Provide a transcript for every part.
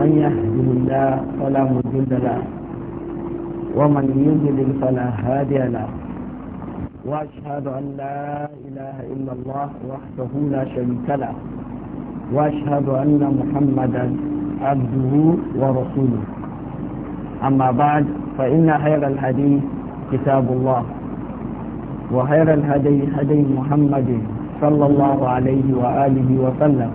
من يهده الله فلا مضل له ومن يضلل فلا هادي له واشهد ان لا اله الا الله وحده لا شريك له واشهد ان محمدا عبده ورسوله اما بعد فان خير الحديث كتاب الله وخير الهدي هدي محمد صلى الله عليه واله وسلم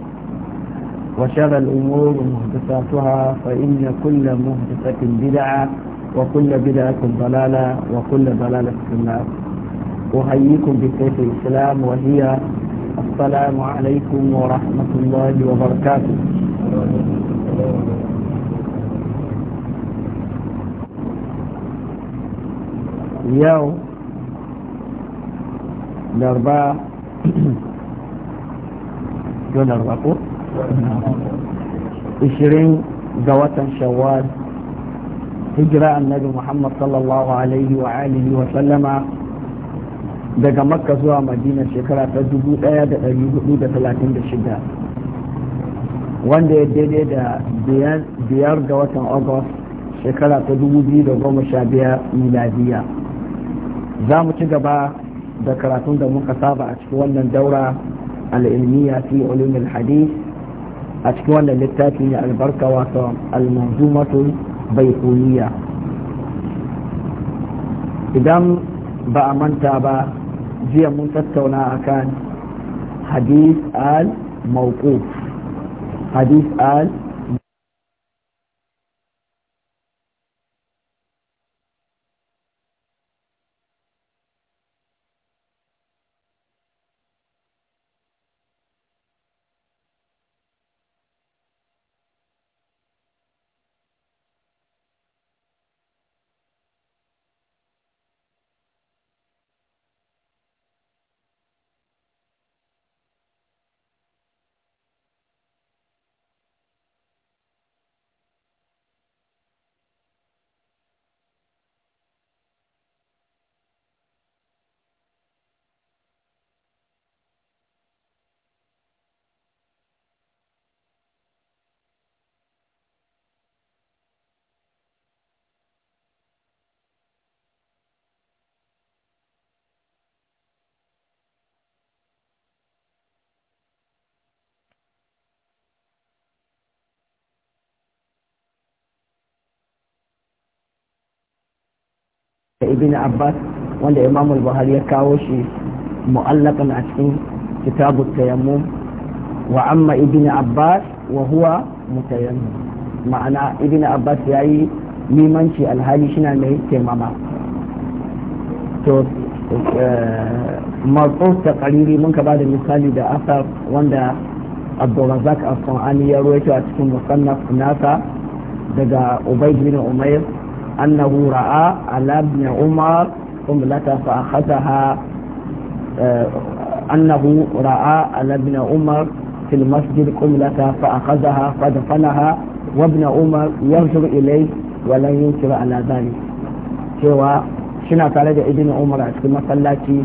وشر الأمور محدثاتها فإن كل محدثة بدعة وكل بدعة ضلالة وكل ضلالة في النار أحييكم بسيف الإسلام وهي السلام عليكم ورحمة الله وبركاته اليوم الأربعاء دون الرقم ishirin ga watan shawwal hijira annabi muhammad sallallahu alaihi wa alihi wa sallama daga makka zuwa madina shekara ta 1436 wanda ya daidai da biyar ga watan august shekara ta 2015 miladiya za mu ci gaba da karatun da muka saba a cikin wannan daura al'ilmiya fi ulumul hadith a cikin wannan littafi ne albarka wato almanzumatul baikuniya idan ba a manta ba jiya mun tattauna akan hadith al mawquf hadith al ibn abbas wanda imam buhari ya kawo shi mu'allaqan a cikin kitabu tayammum wa amma ibn abbas wa huwa mutayammim ma'ana ibn abbas yayi limanci alhali shina mai taimama to eh, matsuf ta kariri mun ka bada misali da asar wanda abdulrazak al-sanani ya ruwaito a cikin musannaf nasa daga ubayd bin umair annahu ra'a على ابن عمر قملة فأخذها أنه رأى على ابن عمر في المسجد قملة فأخذها فدفنها وابن عمر ينظر إليه ولا ينكر على ذلك cewa suna tare da ibn umar a cikin masallaci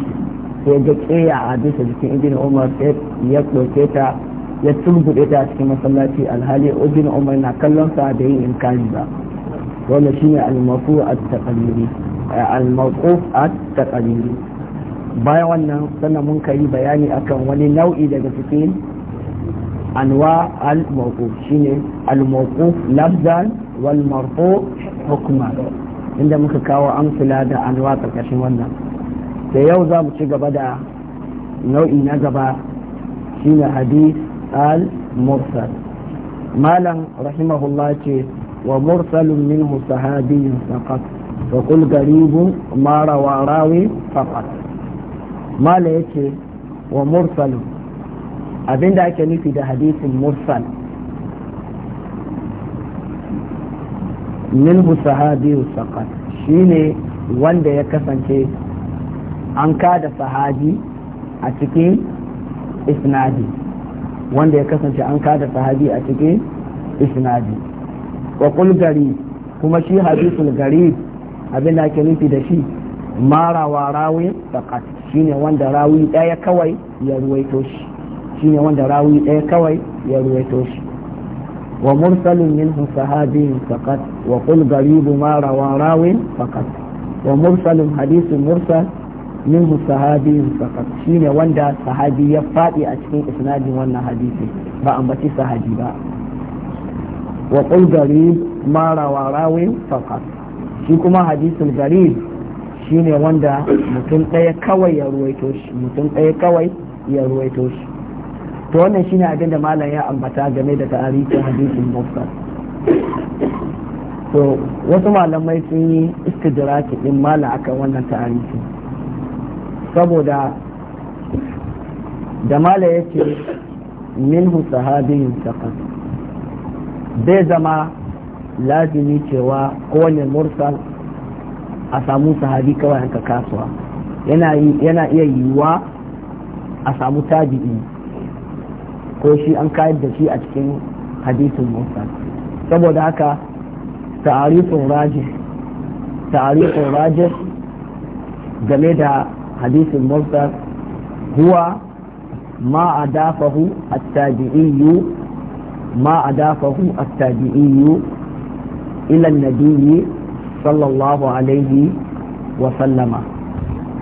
sai ga keya a bisa jikin ibn umar sai ya ɗauke ta ya turbuɗe ta a cikin masallaci alhali ibn umar na kallon sa da yin inkari ba wanda shi ne maquf at-taqlidi bayan wannan sannan mun kai bayani akan wani nau'i daga cikin anwa al-maquf shine al-maquf lafzan wal marfu hukma inda muka kawo amsala da anwa karkashin wannan da yau za mu ci gaba da nau'i na gaba shine hadith al-mursal malam rahimahullah ce ومرسل منه صحابي فقط وقل قريب ما روى راوي فقط ما ليك ومرسل abin da ake nufi da hadisin mursal minhu sahabiyu saqat shine wanda ya kasance an kada sahabi a cikin isnadi wanda ya kasance an kada sahabi a cikin isnadi wa kul gari kuma shi hadithul gari abin da ake nufi da shi mara wa rawi faqat shine wanda rawi daya kawai ya ruwaito shi shine wanda rawi daya kawai ya ruwaito shi wa mursalun minhu sahabiyin faqat wa kul garibu mara wa rawi faqat wa mursalun hadithun mursal minhu sahabiyin faqat shine wanda sahabi ya fadi a cikin isnadin wannan hadisi ba ambaci sahabi ba wa qul garib ma rawarawin faqat shi kuma hadisul garib shine wanda mutum daya kawai ya ruwaito shi mutum daya kawai ya ruwaito shi to wannan shine abin da malam ya ambata game da tarihin hadisin mursal to wasu malamai sun yi istidraki din malam akan wannan tarihi saboda da malam yace minhu sahabiyun saqat bai zama lazimi cewa kowane mursal a samu sahabi kawai yanka kasuwa yana iya yiwuwa a samu tabi'i ko shi an kayar da shi a cikin hadithin mursal saboda haka ta'arifin rajih ta'arifin rajih game da hadisin mursal huwa ma dafahu a tabiiyyu ما أدافه التابعي إلى النبي صلى الله عليه وسلم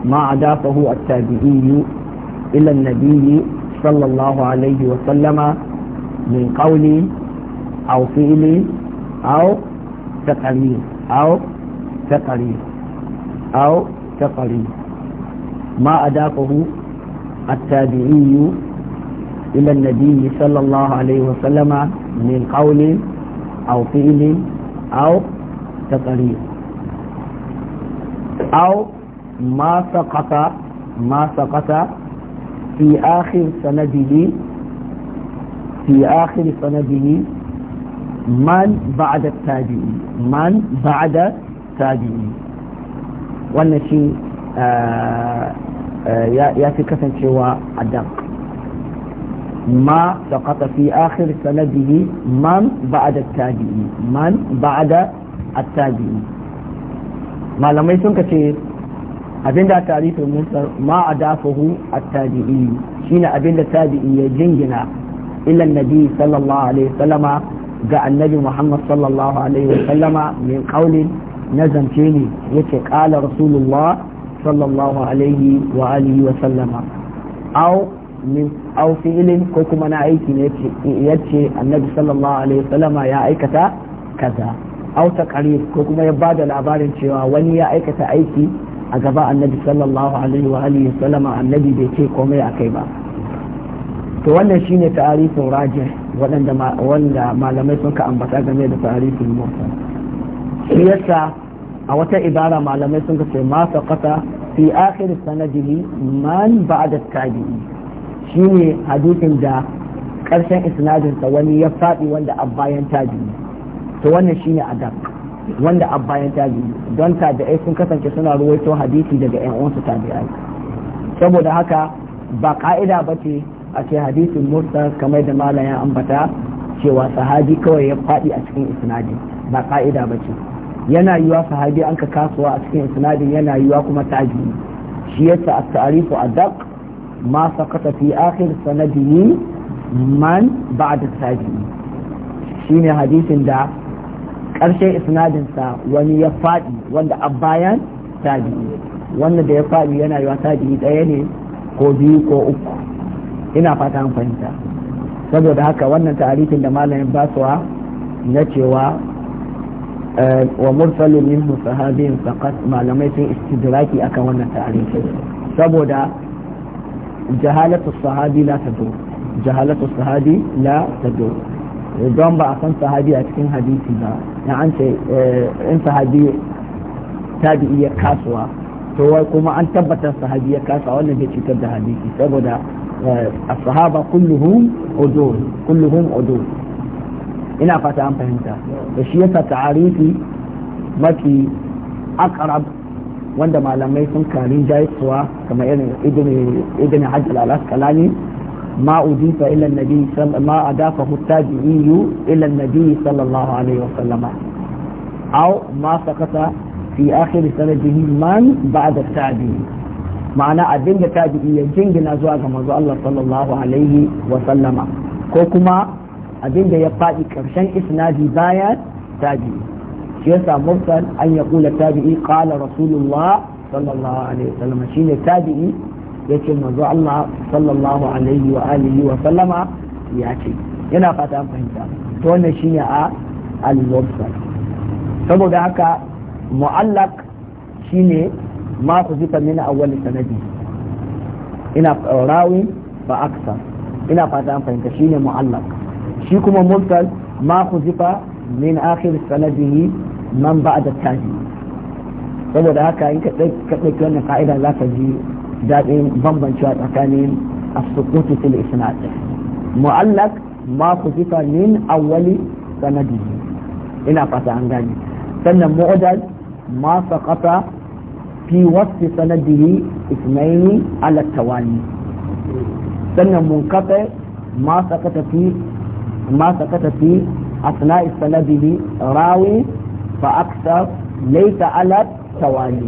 ما أدافه التابعي إلى النبي صلى الله عليه وسلم من قول أو فعل أو تقرير أو تقرير أو تقرير ما أدافه التابعي إلى النبي صلى الله عليه وسلم من قول أو فعل أو تقرير أو ما سقط ما سقط في آخر سنده في آخر سنده من بعد التابعي من بعد التابعي wannan shi ya fi kasancewa a dan ما سقط في آخر سنده من بعد التابعي من بعد التابعي ما لم يسنك شيء abinda tarihin musar ma a dafahu a tabi'i shine abinda tabi'i ya jingina ilan nabi sallallahu alaihi wasallama ga annabi muhammad sallallahu alaihi wasallama min kaulin na zance ne yace kala rasulullah sallallahu alaihi wa alihi au min aw fi'lin ko kuma na aiki ne yace annabi sallallahu alaihi wasallama ya aikata kaza aw taqrir ko kuma ya bada labarin cewa wani ya aikata aiki a gaba annabi sallallahu alaihi wa alihi wasallama annabi bai ce komai akai ba to wannan shine ta'arifin rajih waɗanda wanda malamai sun ka ambata game da ta'arifin mursal shi yasa a wata ibara malamai sun ka ce ma saqata fi akhir sanadihi man ba'da tabi'i shine hadisin da karshen isnadinsa wani ya faɗi wanda a bayan tabi'i to wannan shine adab wanda a bayan tabi'i don tabi'ai sun kasance suna ruwaito hadisi daga yan uwansu tabi'ai saboda haka ba ka'ida ba ce a ce hadisin mursal kamar da malam ya ambata cewa sahabi kawai ya faɗi a cikin isnadin ba ka'ida ba ce yana yiwa sahabi an ka kasuwa a cikin isnadin yana yiwa kuma taji shi yasa at-ta'rifu adab ma sakata fi akhir sanadihi man ba'da tabi'i shine hadisin da karshen isnadinsa sa wani ya fadi wanda a bayan tabi'i wanda da ya fadi yana yiwa tabi'i ɗaya ne ko biyu ko uku ina fata an fahimta saboda haka wannan ta'arifin da malamin basuwa na cewa wa mursalin minhu sahabin faqat malamai sun istidraki akan wannan ta'arifin saboda jahalatu sahabi la tadur jahalatu sahabi la tadur don ba a san sahabi a cikin hadisi ba ya an ce in sahabi tabi'i ya kasuwa to wai kuma an tabbatar sahabi ya kasa wannan bai cutar da hadisi saboda as-sahaba kulluhum udul kulluhum udul ina fata fahimta da shi yasa ta'arifi mafi wanda malamai sun kari jayiswa kamar irin idini hajjal al-askalani ma udisa ilan nabi ma adafa hutaji iyu ilan nabi alaihi wa sallama au ma sakata fi akhir sanadihi man ba'da tabi ma'ana abin da tabi ya jingina zuwa ga manzo Allah sallallahu alaihi wa sallama ko kuma abinda ya fadi karshen isnadi bayan tabi'i shi yasa mursal an ya kula tabi'i qala rasulullah sallallahu alaihi wasallam shine tabi'i yace manzo Allah sallallahu alaihi wa sallama ya ce yana fata an fahimta to wannan shine a al-mursal saboda haka mu'allaq shine ma ku zika min awwal sanadi ina rawi fa aksar ina fata an fahimta shi kuma mursal ma min akhir man ba da tashi saboda haka in ka ɗauki wannan ka'ida za ka ji daɗin bambancewa tsakanin as-sukutu fil isnad mu'allaq ma kusifa min awwali sanadi ina fata an gani sannan mu'dal ma saqata fi wasfi sanadihi ismaini ala tawali sannan munqata ma saqata fi ma saqata fi asna'i sanadihi rawi فأكثر ليس على التوالي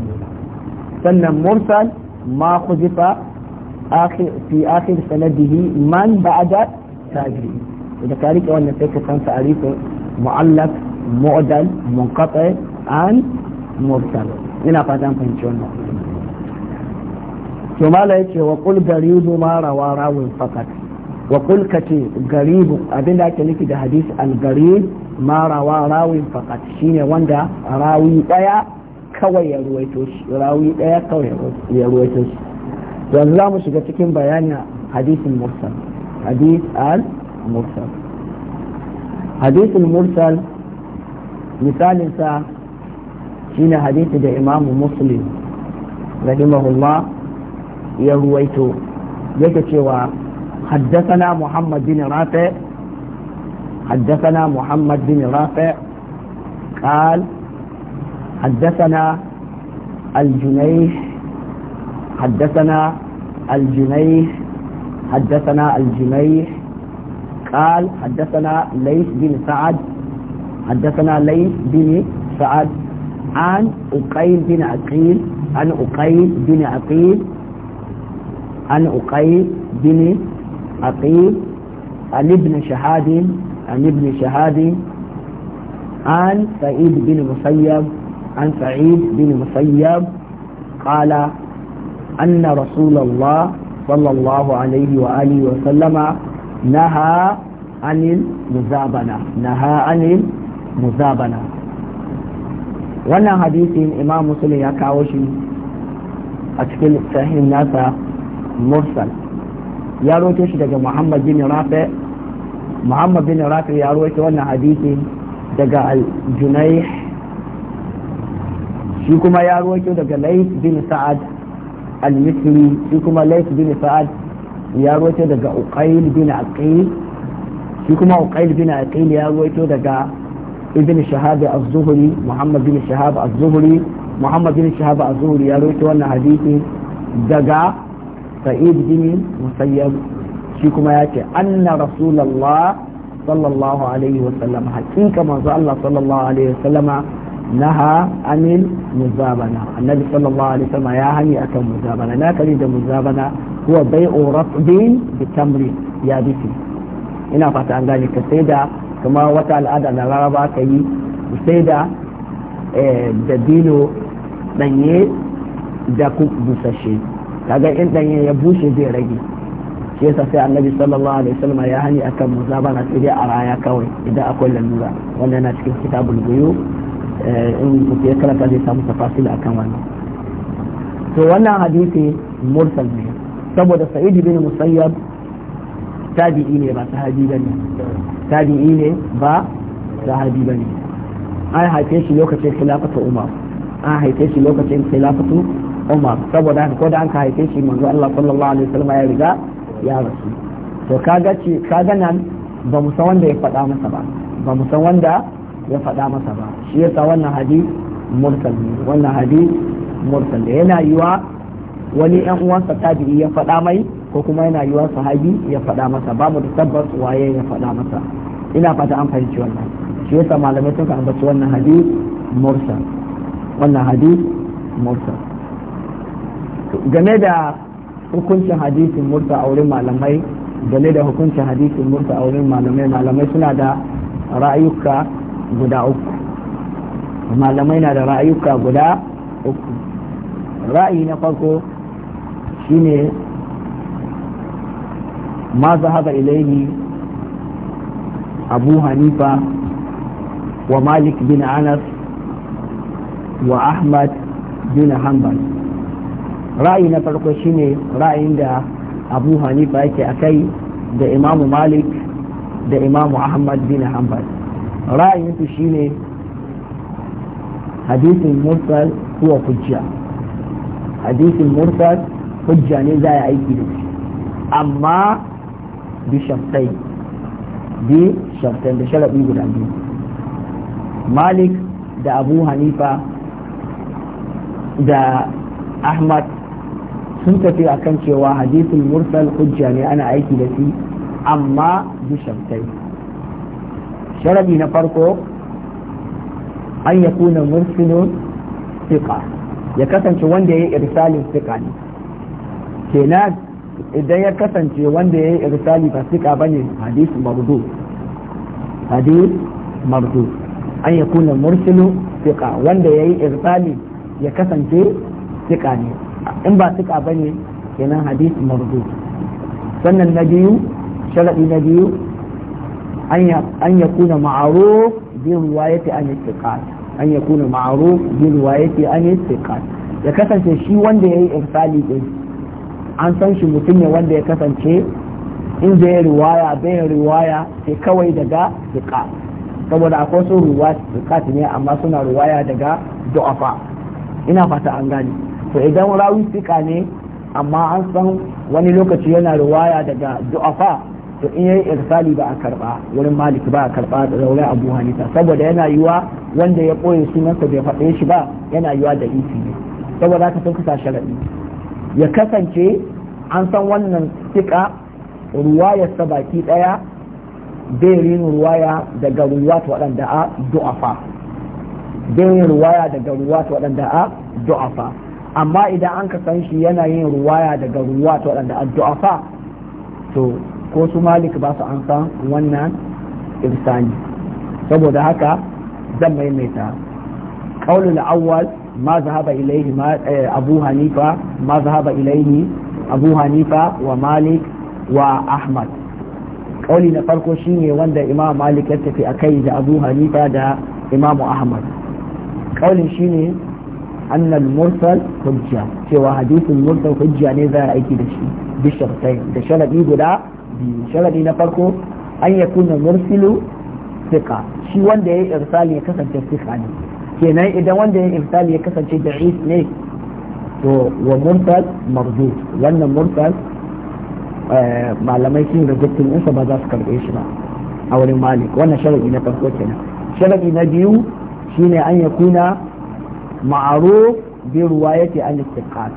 سنة مرسل ما خذف آخر في آخر سنده من بعد تاجري إذا كذلك أن تلك كان تعريف معلق معدل منقطع عن مرسل ina fatan fahimci wannan to mala وقل wa ما garidu ma فقط wa kulka ce garibu abinda ake nufi da hadisi al-garib ma rawa rawin faqat shine wanda rawi daya kawai ya ruwaito shi rawi daya kawai ya ruwaito shi yanzu za mu shiga cikin bayanin hadisin mursal hadis al-mursal hadisin mursal misalinsa shine hadisi da imamu muslim rahimahullah ya ruwaito yake cewa حدثنا محمد بن رافع حدثنا محمد بن رافع قال حدثنا الجنيح حدثنا الجنيح حدثنا الجنيح قال حدثنا ليث بن سعد حدثنا ليث بن سعد عن أقيل بن عقيل عن أقيل بن عقيل عن أقيل بن عقيل عن ابن شهاد عن ابن شهاد عن سعيد بن مسيب عن سعيد بن مسيب قال أن رسول الله صلى الله عليه وآله وسلم نهى عن المزابنة نهى عن المزابنة wannan hadisin imam muslim ya kawo shi a cikin sahihin nasa mursal ya roto shi daga muhammad bin rafi muhammad bin rafi ya roto wannan hadisi daga al-junayh shi kuma ya roto daga lais bin sa'ad al-misri shi kuma lais bin sa'ad ya roto daga uqayl bin aqil shi kuma uqayl bin aqil ya roto daga ibn shahab az-zuhri muhammad bin shahab az-zuhri muhammad bin shahab az-zuhri ya roto wannan hadisi daga sa'id bin musayyab shi kuma ya ce anna rasulullah sallallahu alaihi wasallam hakika manzo Allah sallallahu alaihi wasallama naha anil muzabana annabi sallallahu alaihi wasallam ya hani akan muzabana na kare da muzabana huwa bai rafdin bi tamri ya biki ina fata an gane ka sai da kuma wata al'ada na laraba ka yi sai da da busashe kaga in ɗanyen ya bushe zai rage shi yasa sai annabi sallallahu alaihi wasallam ya hani akan muzabana sai dai a raya kawai idan akwai lalura wannan yana cikin kitabul buyu in mutum ya karanta zai samu tafasil akan wannan to wannan hadisi mursal ne saboda sa'id bin musayyab tabi'i ne ba sahabi bane tabi'i ne ba sahabi bane an haife shi lokacin khilafatu umar an haife shi lokacin khilafatu Umar saboda haka ko da an haife shi manzo Allah sallallahu alaihi wasallam ya riga ya rasu to kaga ce kaga nan ba mu san wanda ya faɗa masa ba ba mu san wanda ya faɗa masa ba shi yasa wannan hadith mursal ne wannan hadith mursal ne yana yiwa wani yan uwansa tabi'i ya faɗa mai ko kuma yana yiwa sahabi ya faɗa masa babu da tabbas waye ya faɗa masa ina fata an fahimci wannan shi yasa malamai sun ka ambaci wannan hadith mursal wannan hadith mursal game da hukuncin hadisin murta a wurin malamai game da hukuncin hadisin murta a wurin malamai malamai suna da ra'ayuka guda uku malamai na da ra'ayuka guda uku ra'ayi na farko shine ma zahaba ilaihi abu hanifa wa malik bin anas wa ahmad bin hanbal ra'ayi na farko shine ra'ayin da abu hanifa yake akai da imamu malik da imamu ahmad bin hanbal ra'ayinsu shine hadisin mursal kuwa hujja hadisin mursal hujja ne za a aiki da shi amma bi shaftai bi shaftai da sharaɗi guda biyu malik da abu hanifa da ahmad sun tafi akan cewa hadithul mursal hujja ne ana aiki da shi amma bi shartai sharadi na farko an ya kuna mursalin siƙa ya kasance wanda ya yi irsalin siƙa ne kenan idan ya kasance wanda ya yi irsali ba siƙa ba ne hadis mardu hadith mardu an ya kuna mursalin siƙa wanda ya yi irsali ya kasance siƙa ne in ba suka bane kenan hadith mardu sannan na biyu sharaɗi na biyu an ya kuna ma'aruf bi riwayati an istiqat an ya kuna ma'aruf bi riwayati an istiqat ya kasance shi wanda ya yi irsali din an san shi mutum ne wanda ya kasance in zai riwaya bai riwaya sai kawai daga fiqa saboda akwai su ruwa fiqat ne amma suna ruwaya daga do'afa ina fata an gani to idan rawi sika ne amma an san wani lokaci yana ruwaya daga du'afa to in yayi irsali ba a karba wurin maliki ba a karba da raurai abu hanifa saboda yana yiwa wanda ya ɓoye sunansa bai faɗe shi ba yana yiwa da isi ne saboda haka sun kasa sharaɗi ya kasance an san wannan sika ruwayarsa baki ɗaya bai rin ruwaya daga ruwa to waɗanda a du'afa bai rin ruwaya daga ruwa to waɗanda a du'afa amma idan an ka san shi yana yin ruwaya daga ruwa ta waɗanda addu'afa to ko su malik ba su an san wannan irsani saboda haka zan maimaita qaulul awwal ma zahaba ilayhi eh, abu hanifa ma zahaba ilayhi abu hanifa wa malik wa ahmad kauli na farko shine wanda imam malik ya tafi akai da abu hanifa da imam ahmad kaulin shine annal mursal hujja cewa hadisin mursal hujja ne za a aiki da shi bi shartai da sharadi guda biyu sharadi na farko an ya kuna mursilu sika shi wanda ya yi irsali ya kasance sika ne kenan idan wanda ya yi irsali ya kasance da'if ne to wa mursal marju wannan mursal malamai sun rajattin insa ba za su karbe shi ba a wurin malik wannan sharadi na farko kenan sharadi na biyu shine an ya kuna ma'aruf bi ruwayati an istiqat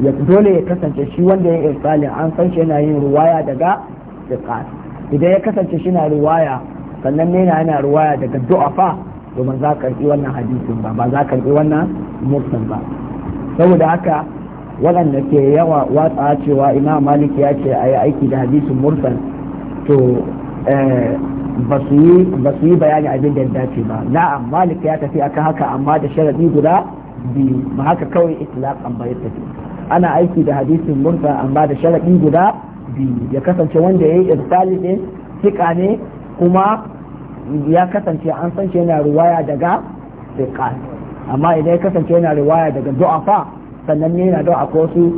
ya dole ya kasance shi wanda ya irsalin an san shi yana yin ruwaya daga istiqat idan ya kasance shi na ruwaya sannan ne yana ruwaya daga du'afa domin za ka karbi wannan hadisin ba ba za ka karbi wannan mursan ba saboda haka waɗanda ke yawa watsa cewa imam malik ya ce a yi aiki da hadisin mursan to Eh, ba su yi bayani abin da dace ba na'am malik ya tafi akan haka amma da sharadi guda biyu ba haka kawai itlaqan ba ya tafi ana aiki da hadisin mursa amma da sharadi guda biyu ya kasance wanda ya yi irsali ne sika ne kuma ya kasance an san shi yana ruwaya daga sika amma idan ya kasance yana ruwaya daga du'afa sannan ne yana da akwai wasu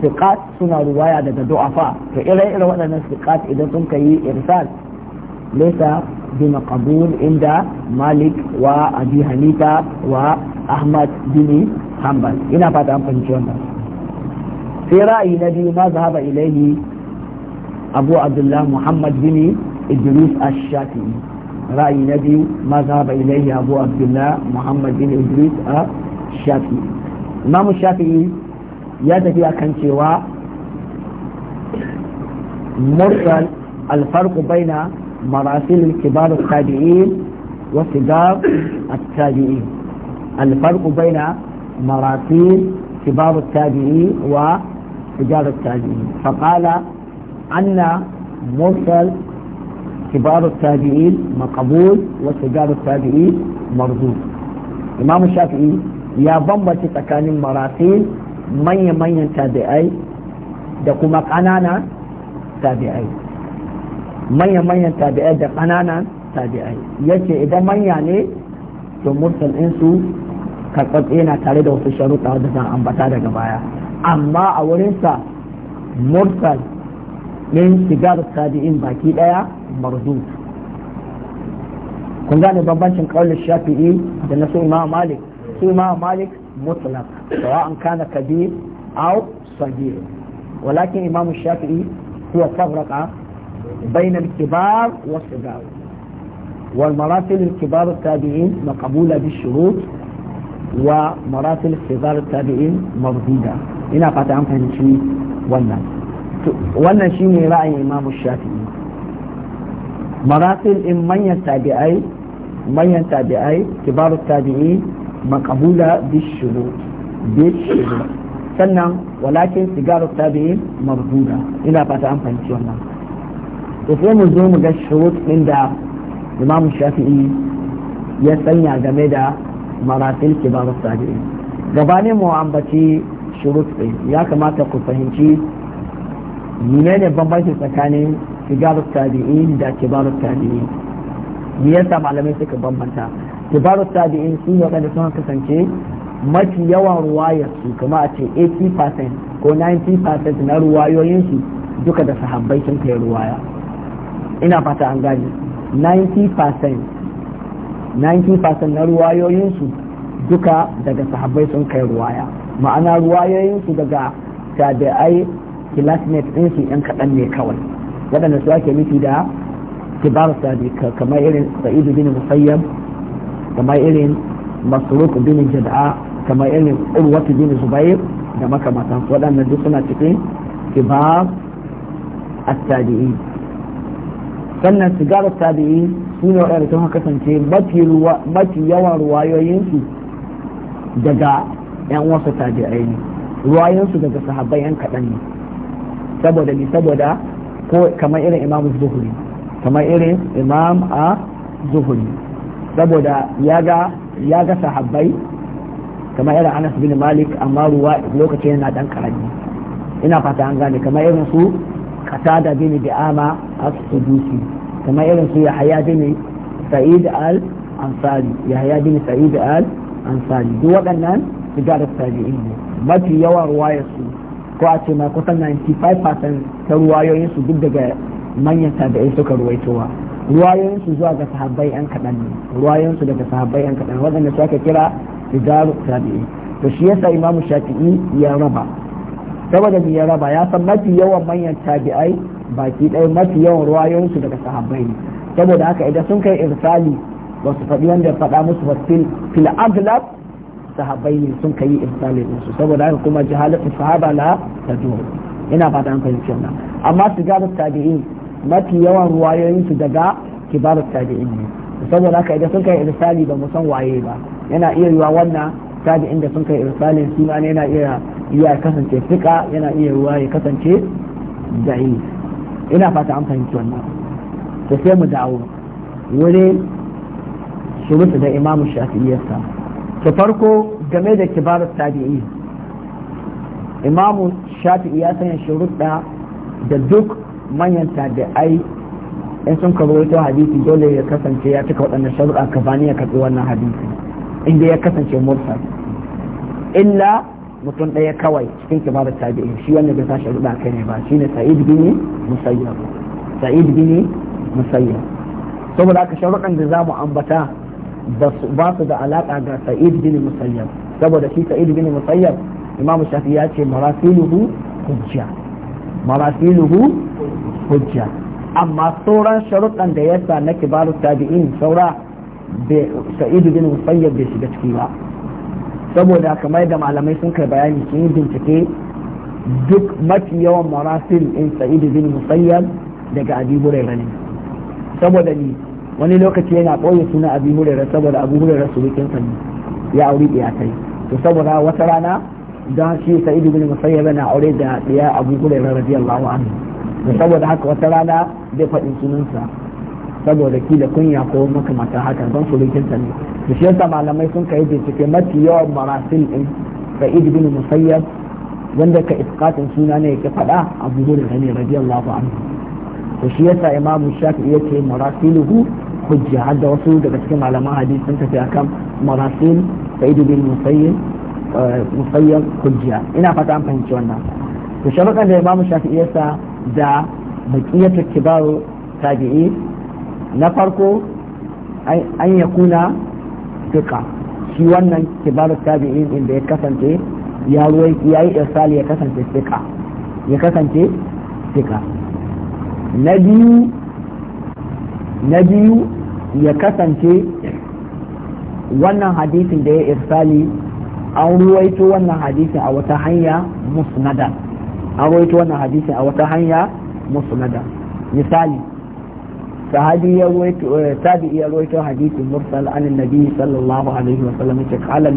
siqat suna ruwaya daga du'afa to ire ire waɗannan siqat idan sun kai irsal laysa bin qabul inda malik wa abi hanifa wa ahmad bin hanbal ina fata an fahimci wannan sai ra'ayi na biyu ma zahaba ilaihi abu abdullah muhammad bin idris ash-shafi'i ra'ayi na biyu ma zahaba ilaihi abu abdullah muhammad bin idris ash-shafi'i imam shafi'i ya tafi kan cewa mursal alfarku baina marasil kibar tabi'in wa sigar at-tabi'in alfarku baina marasil kibar tabi'in wa sigar at-tabi'in faqala anna mursal كبار التابعين مقبول وسجار التابعين مردود إمام الشافعي يا بمبة تكاني مراسيل manya-manyan tabi'ai da kuma ƙanana tabi'ai manya-manyan tabi'ai da ƙanana tabi'ai yace idan manya ne to mursal ɗinsu karɓaɓɓe na tare da wasu sharuɗa wanda zan ambata daga baya amma a wurinsa mursal ɗin shigar tabi'in baki ɗaya marzu kun gane bambancin ƙaunar shafi'i da na su imam malik su imam malik مطلق سواء كان كبير أو صغير ولكن إمام الشافعي هو فرق بين الكبار والصغار والمراسل الكبار التابعين مقبولة بالشروط ومراسل الكبار التابعين مردودة ina fata an fahimci wannan wannan shine ra'ayin imamu shafi'i maratil in manyan tabi'ai manyan tabi'ai التابعين tabi'i مقبولة بالشروط بالشروط sannan walakin sigaru ta marduda ina fata an fahimci wannan to sai mu zo mu ga shurut din da imamu shafi'i ya sanya game da maratil kibar tabi'in gabanin mu ambaci shurut din ya kamata ku fahimci menene bambanci tsakanin sigaru tabi'in da kibar tabi'in me yasa malamai suka bambanta kibaru tabi'in su ne wadanda sun kasance mafi yawan ruwayar su kama a ce 80% ko 90% na ruwayoyin su duka da sahabbai sun kai ruwaya ina fata an gani 90% 90% na ruwayoyin su duka daga sahabbai sun kai ruwaya ma'ana ruwayoyin su daga tabi'ai classmates ɗin su yan kaɗan ne kawai waɗanda su ake nufi da kibar sabi kamar irin sa'idu bin musayyab kamar irin masruk bin jada'a kamar irin urwatu bin zubair da makamata waɗannan duk suna cikin kibar a tabii sannan sigar tabi'i su ne waɗanda sun kasance mafi yawan ruwayoyinsu daga 'yan wasu tabi'ai ne ruwayoyinsu daga sahabbai 'yan kaɗan ne saboda ni saboda ko kamar irin imam zuhuri kamar irin imam a zuhuri saboda ya ga ya ga sahabbai kamar irin Anas bin Malik amma ruwa lokacin yana dan karami ina fata an gane kamar irin su katada bin ama as-Sudusi kamar irin su Yahya bin Sa'id al-Ansari Yahya bin Sa'id al-Ansari duk waɗannan sigarar tabi'in ne mafi yawa ruwayar su ko a ce ma kusan 95% ta ruwayoyin su duk daga manyan tabi'ai suka ruwaitowa ruwayoyinsu zuwa ga sahabbai yan kaɗan ne ruwayoyinsu daga sahabbai yan kaɗan waɗanda su aka kira sigaru tabi'i to shi yasa imamu shafi'i ya raba saboda me ya raba ya san mafi yawan manyan tabi'ai baki ɗaya mafi yawan ruwayoyinsu daga sahabbai ne saboda haka idan sun kai irsali ba su faɗi wanda ya faɗa musu ba fil aghlab sahabbai ne sun kai irsali su saboda haka kuma jihalatu sahaba la tadur ina fata an fahimci wannan amma sigaru tabi'in mafi yawan ruwayoyin su daga kibar tabi'in ne saboda haka idan sun kai irsali ba mu san waye ba yana iya yiwa wannan tabi'in da sun kai irsalin suna ne yana iya ya kasance fika yana iya yiwa ya kasance da'i ina fata an fahimci wannan to sai mu dawo wuri shurutu da imamu shafi'iyarsa ta farko game da kibar tabi'i imamu shafi'i ya sanya shuruɗa da duk manyanta da ai in sun ka rawaito hadisi dole ya kasance ya cika waɗannan sharuɗa bani ya karɓi wannan hadisi inda ya kasance mursal illa mutum ɗaya kawai cikin kibar tabi'in shi wanda bai sa sharuɗa kai ne ba shine sa'id bin musayyab sa'id bin musayyab saboda haka sharuɗan da za mu ambata ba su da alaƙa ga sa'id bin musayyab saboda shi sa'id bin musayyab imam shafi ya ce marasiluhu hujja marasiluhu hujja amma sauran sharuɗan da ya sa na kibaru tabi'in saura sa'idu bin musayyar bai shiga ciki ba saboda kamar yadda malamai sun kai bayani sun yi bincike duk mafi yawan marasil in sa'idu bin musayyar daga abi hurairar ne saboda ni wani lokaci yana ɓoye suna abi hurairar saboda abu hurairar su bikin sani ya auri kai to saboda wata rana don shi sa'idu bin musayyar na aure da ɗaya abu hurairar radiyallahu anhu saboda haka wata rana zai faɗi sunansa saboda kila kunya ko makamantar haka don surukinsa ne da shi yasa malamai sun kai bincike mafi yawan marasil din sa'id bin musayyab wanda ka iskatin suna ne yake faɗa a da gani radiyallahu anhu to shi yasa imam shafi'i yake marasiluhu hujja har wasu daga cikin malaman hadisi sun tafi akan marasil sa'id bin musayyab eh, musayyab hujja ina fata an fahimci wannan to sharuɗan da imam shafi'i yasa da baqiyatu kibaru tabi'i na farko an ya kuna duka shi wannan kibaru tabi'i inda ya kasance ya ruwai ya yi irsali ya kasance duka ya kasance duka na biyu na biyu ya kasance wannan hadisin da ya irsali an ruwaito wannan hadisin a wata hanya musnada an rawaito wannan hadisi a wata hanya musnada misali sahabi ya rawaito eh, tabi ya rawaito hadisi mursal an nabi sallallahu alaihi wa sallam ce qala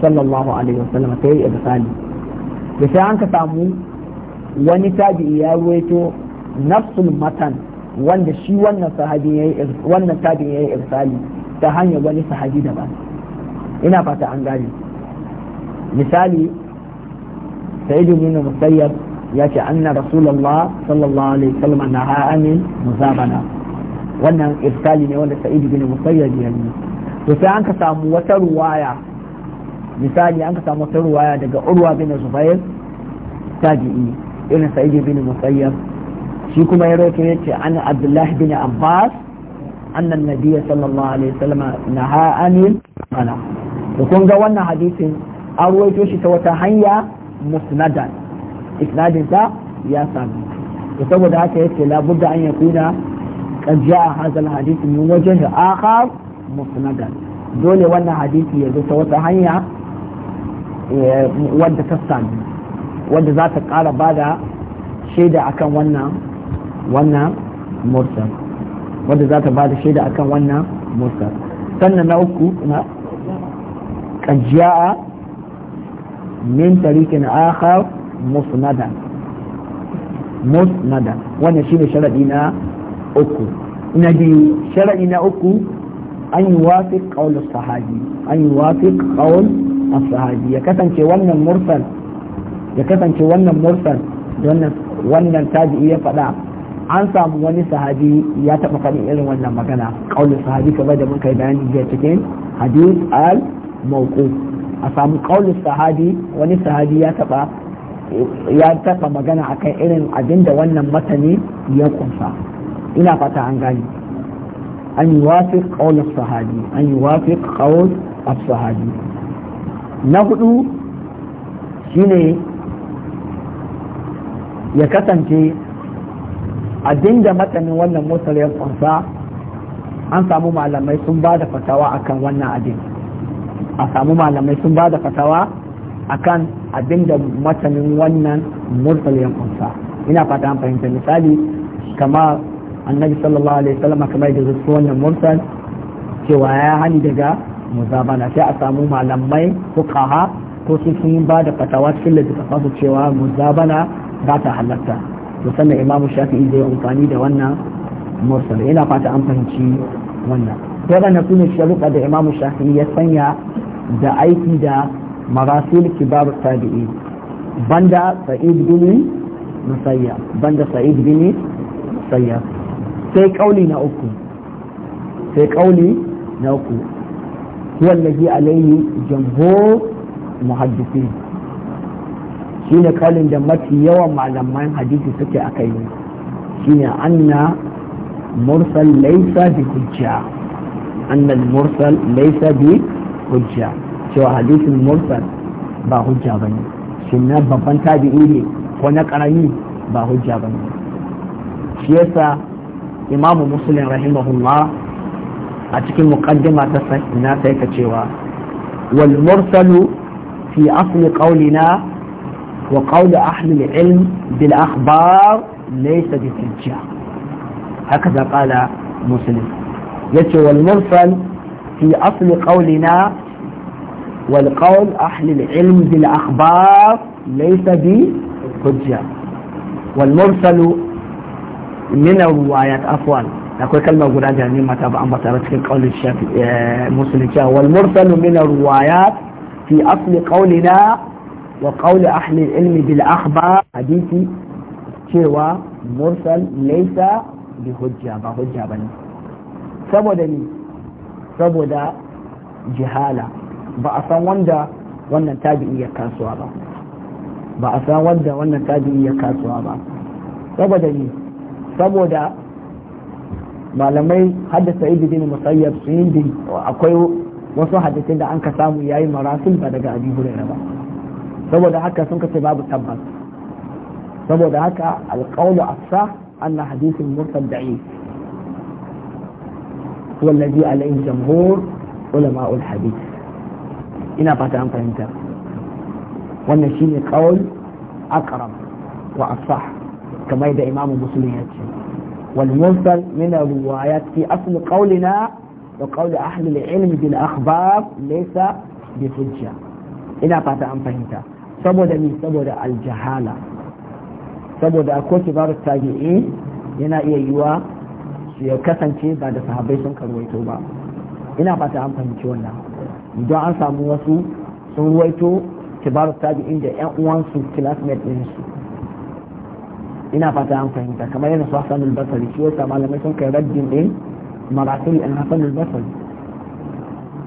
sallallahu alaihi wa sallam kai ibsali da sai an ka samu wani tabi ya rawaito nafsul matan wanda shi wannan sahabi yayi wannan tabi yayi ta hanyar wani sahabi daban ina fata an gane misali سعيد بن المسيب يأتي أن رسول الله صلى الله عليه وسلم نهى عن مزابنة wannan irtali ne wanda sa'id bin musayyad ya yi to sai an ka samu wata ruwaya misali an ka samu wata ruwaya daga urwa bin zubair tabi'i irin sa'id bin musayyad shi kuma ya rawaito yace an abdullah bin abbas annan nabiyya sallallahu alaihi wasallam naha anil mana kun ga wannan hadisin an rawaito shi ta wata hanya musnadan isnadin ta ya sami to saboda haka yake labudda an yakuna qad jaa hadha alhadith min wajh akhar musnadan dole wannan hadisi ya zo ta wata hanya eh, wadda ta sami wadda za ta kara bada shaida akan wannan wannan mursal wadda za ta bada shaida akan wannan mursal sannan na uku na qad jaa min tariqin akhar musnadan musnadan wannan shine na uku na biyu sharadi na uku an yi wafiq qawl sahabi an yi wafiq qawl sahabi ya kasance wannan ya kasance wannan wannan tabi'i ya faɗa an samu wani sahabi ya taɓa faɗin irin wannan magana ƙaunar sahabi kamar da muka yi bayani jiya cikin hadith al mawquf a samu kaulin sahabi wani sahabi ya taɓa ya taba magana akan irin abinda wannan matani ya kunsa ina fata an gani an yi wafiq qaul sahabi an yi wafiq qaul sahabi na hudu shine ya kasance abinda matanin wannan motar ya kunsa an samu malamai sun ba da fatawa akan wannan abin a samu malamai sun ba da fatawa akan abin da matanin wannan mursal ya kunsa ina fata an fahimta misali kama annabi sallallahu alaihi wasallam kamar da zuwa wannan mursal cewa ya hani daga muzabana sai a samu malamai fuqaha ko sun sun ba da fatawa cikin littattafan su cewa muzabana ba ta halatta to sannan Imam shafi'i zai amfani da wannan mursal ina fata an fahimci wannan waɗannan na ne sharuɗa da Imam shafi'i ya sanya da aiki da marasil kibar tabi'i banda sa'id bin musayya banda sa'id bin musayya sai kauli na uku sai kauli na uku huwa allazi alayhi jamhur muhaddisin shine kaulin da mafi yawan malaman hadisi suke akai shine anna mursal laysa bi hujja anna al mursal laysa bi hujja cewa hadisin mursal ba hujja bane shin na babban tabi'i ne ko na karami ba hujja bane shi yasa imamu muslim rahimahullah a cikin muqaddima ta na sai ka cewa wal mursalu fi asli qawlina wa qawl ahli ilm bil akhbar laysa bi hujja hakaza qala muslim yace wal mursal في أصل قولنا والقول أهل العلم بالأخبار ليس بحجة والمرسل من الروايات عفوا نقول كلمة أقول هذا ما تابع أما تابعتك القول الشافي آه، مسلم شاه والمرسل من الروايات في أصل قولنا وقول أهل العلم بالأخبار حديثي شوى مرسل ليس بحجة بحجة بني سبو دليل saboda jihala ba a san wanda wannan tabi'i ya kasuwa ba ba a san wanda wannan tabi'i ya kasuwa ba saboda ni saboda malamai haddasa ibi bin musayyab su yi akwai wasu hadisai da an ka samu yayi marasul ba daga abi hurairah ba saboda haka sun kace babu tabbas saboda haka alqawlu afsah anna hadithul mursal da'if wallazi alayhi jamhur ulama'ul hadith ina fata an fahimta wannan shine qaul aqrab wa asah kamar da imam muslim ya ce wal mursal min riwayat fi asl qawlina wa qawl ahli al-ilm bil akhbar laysa bi hujja ina fata an fahimta saboda ni saboda aljahala saboda akwai kibarut tabi'in yana iya yiwa ya kasance ba da sahabbai sun karwaito ba ina fata an fahimci wannan idan an samu wasu sun ruwaito kibaru tabi da yan uwansu classmate din su ina fata an fahimta kamar yana su hasanul basari shi yasa malamai sun kai raddin din maratul an hasanul basari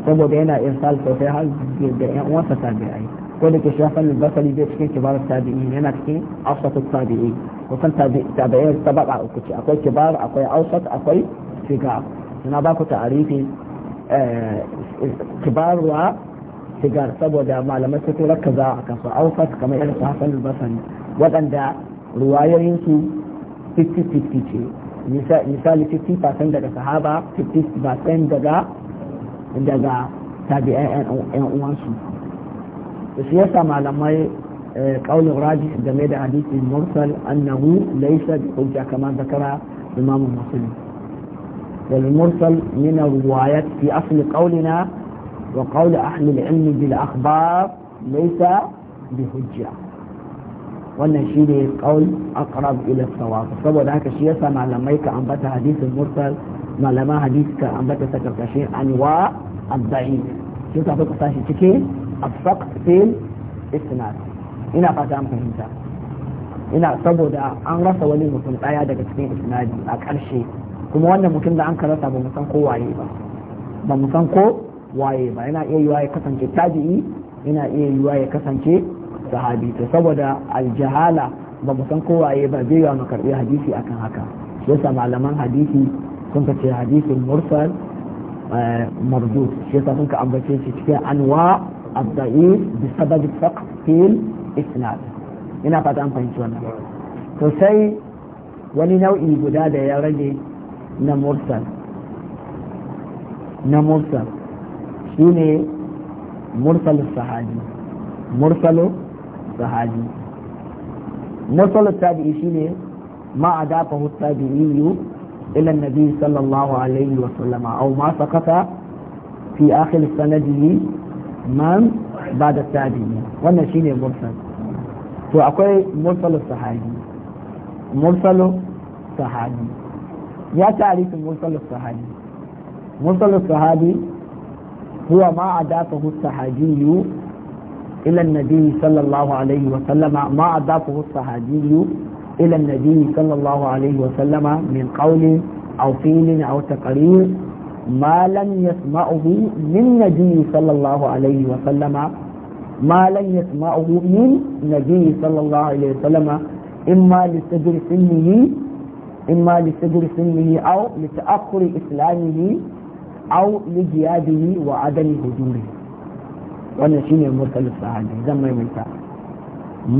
saboda yana irsal sosai har da yan uwansa tabi'ai ko da ke shi hasan al-basri bai cikin kibaru tabi'in yana cikin afsatu tabi'in kusan tabayin tabaka uku ce akwai kibar akwai ausat akwai sigar suna ba ku ta'arifi eh, kibar wa sigar saboda malamai su tura kaza a kasu ausat kamar irin su albasan waɗanda ruwayoyinsu 50-50 ce misali 50% daga sahaba 50% daga daga tabi'an yan uwansu su yasa malamai قول الراجح جميل حديث المرسل أنه ليس بحجة كما ذكر إمام المسلم والمرسل من الروايات في أصل قولنا وقول أهل العلم بالأخبار ليس بحجة ونشيل قول أقرب إلى الصواب فهو ذلك الشيء ما لم أنبت حديث المرسل ما لما حديثك أنبت سكرت شيء أنواع الضعيف شو تعطيك تكين أبصق في الإسناد ina fata an fahimta ina saboda an rasa wani mutum daya daga cikin isnadi a ƙarshe kuma wannan mutum da an ka rasa ba mu san ko waye ba ba mu san ko waye ba yana iya yiwa ya kasance tabi'i yana iya yiwa ya kasance sahabi to saboda aljahala ba mu san ko waye ba zai yiwa mu karbi hadisi akan haka yasa malaman hadisi sun ka ce hadisin mursal eh, mardud shi yasa sun ka ambace shi cikin anwa abda'i bi sabab isnad ina fata an fahimci wannan to sai wani nau'i guda da ya rage na mursal na mursal ne mursal sahabi mursal sahaji mursal tabi'i ne ma adafahu biyu ila nabi sallallahu alaihi wa sallama aw ma sakata fi akhir sanadihi man ba da tabi'i wannan ne mursal to akwai mursalu sahabi mursalu sahabi ya tarihin mursalu sahabi mursalu sahabi huwa ma adafahu sahabiyu ila nabi sallallahu alaihi wa sallama ma sahabiyu ila nabi sallallahu alaihi wa sallama min qawlin aw fi'lin aw taqrir ما لم يسمعه من النبي ما لم يسمعه من نبي صلى الله عليه وسلم إما لصدر سنه إما لصدر سنه أو لتأخر إسلامه أو لجياده وعدم هجوره wannan shine mursalin sahabi zan maimaita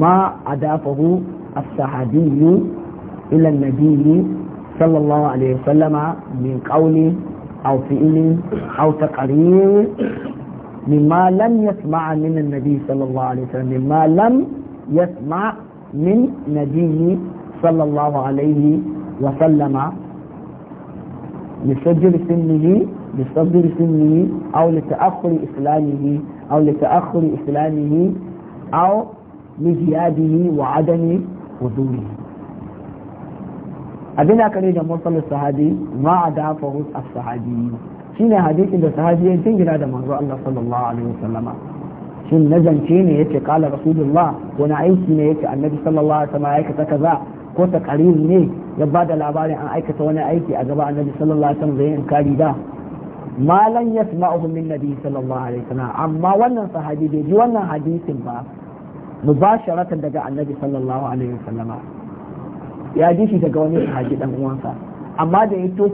ma adafahu as-sahabiyyu ila an-nabiyyi sallallahu alaihi wasallama min qawli aw fi'lin aw مما لم يسمع من النبي صلى الله عليه وسلم مما لم يسمع من نبيه صلى الله عليه وسلم لسجل سنه لصدر سنه أو لتأخر إسلامه أو لتأخر إسلامه أو لزياده وعدم وزوره أبنا كريم مرسل الصحابي ما عدا فهو الصحابي shine hadisin da sahabiyan jingina da manzo Allah sallallahu alaihi wasallama shin na zance ne yace qala rasulullah wani aiki ne yace annabi sallallahu alaihi wasallama ya aikata kaza ko taqrir ne ya bada labarin an aikata wani aiki a gaba annabi sallallahu alaihi wasallam zai inkari da ma lan yasma'uhu min nabi sallallahu alaihi wasallam amma wannan sahabi bai ji wannan hadisin ba mubasharatan daga annabi sallallahu alaihi wasallama ya ji daga wani sahabi dan uwansa amma da ya to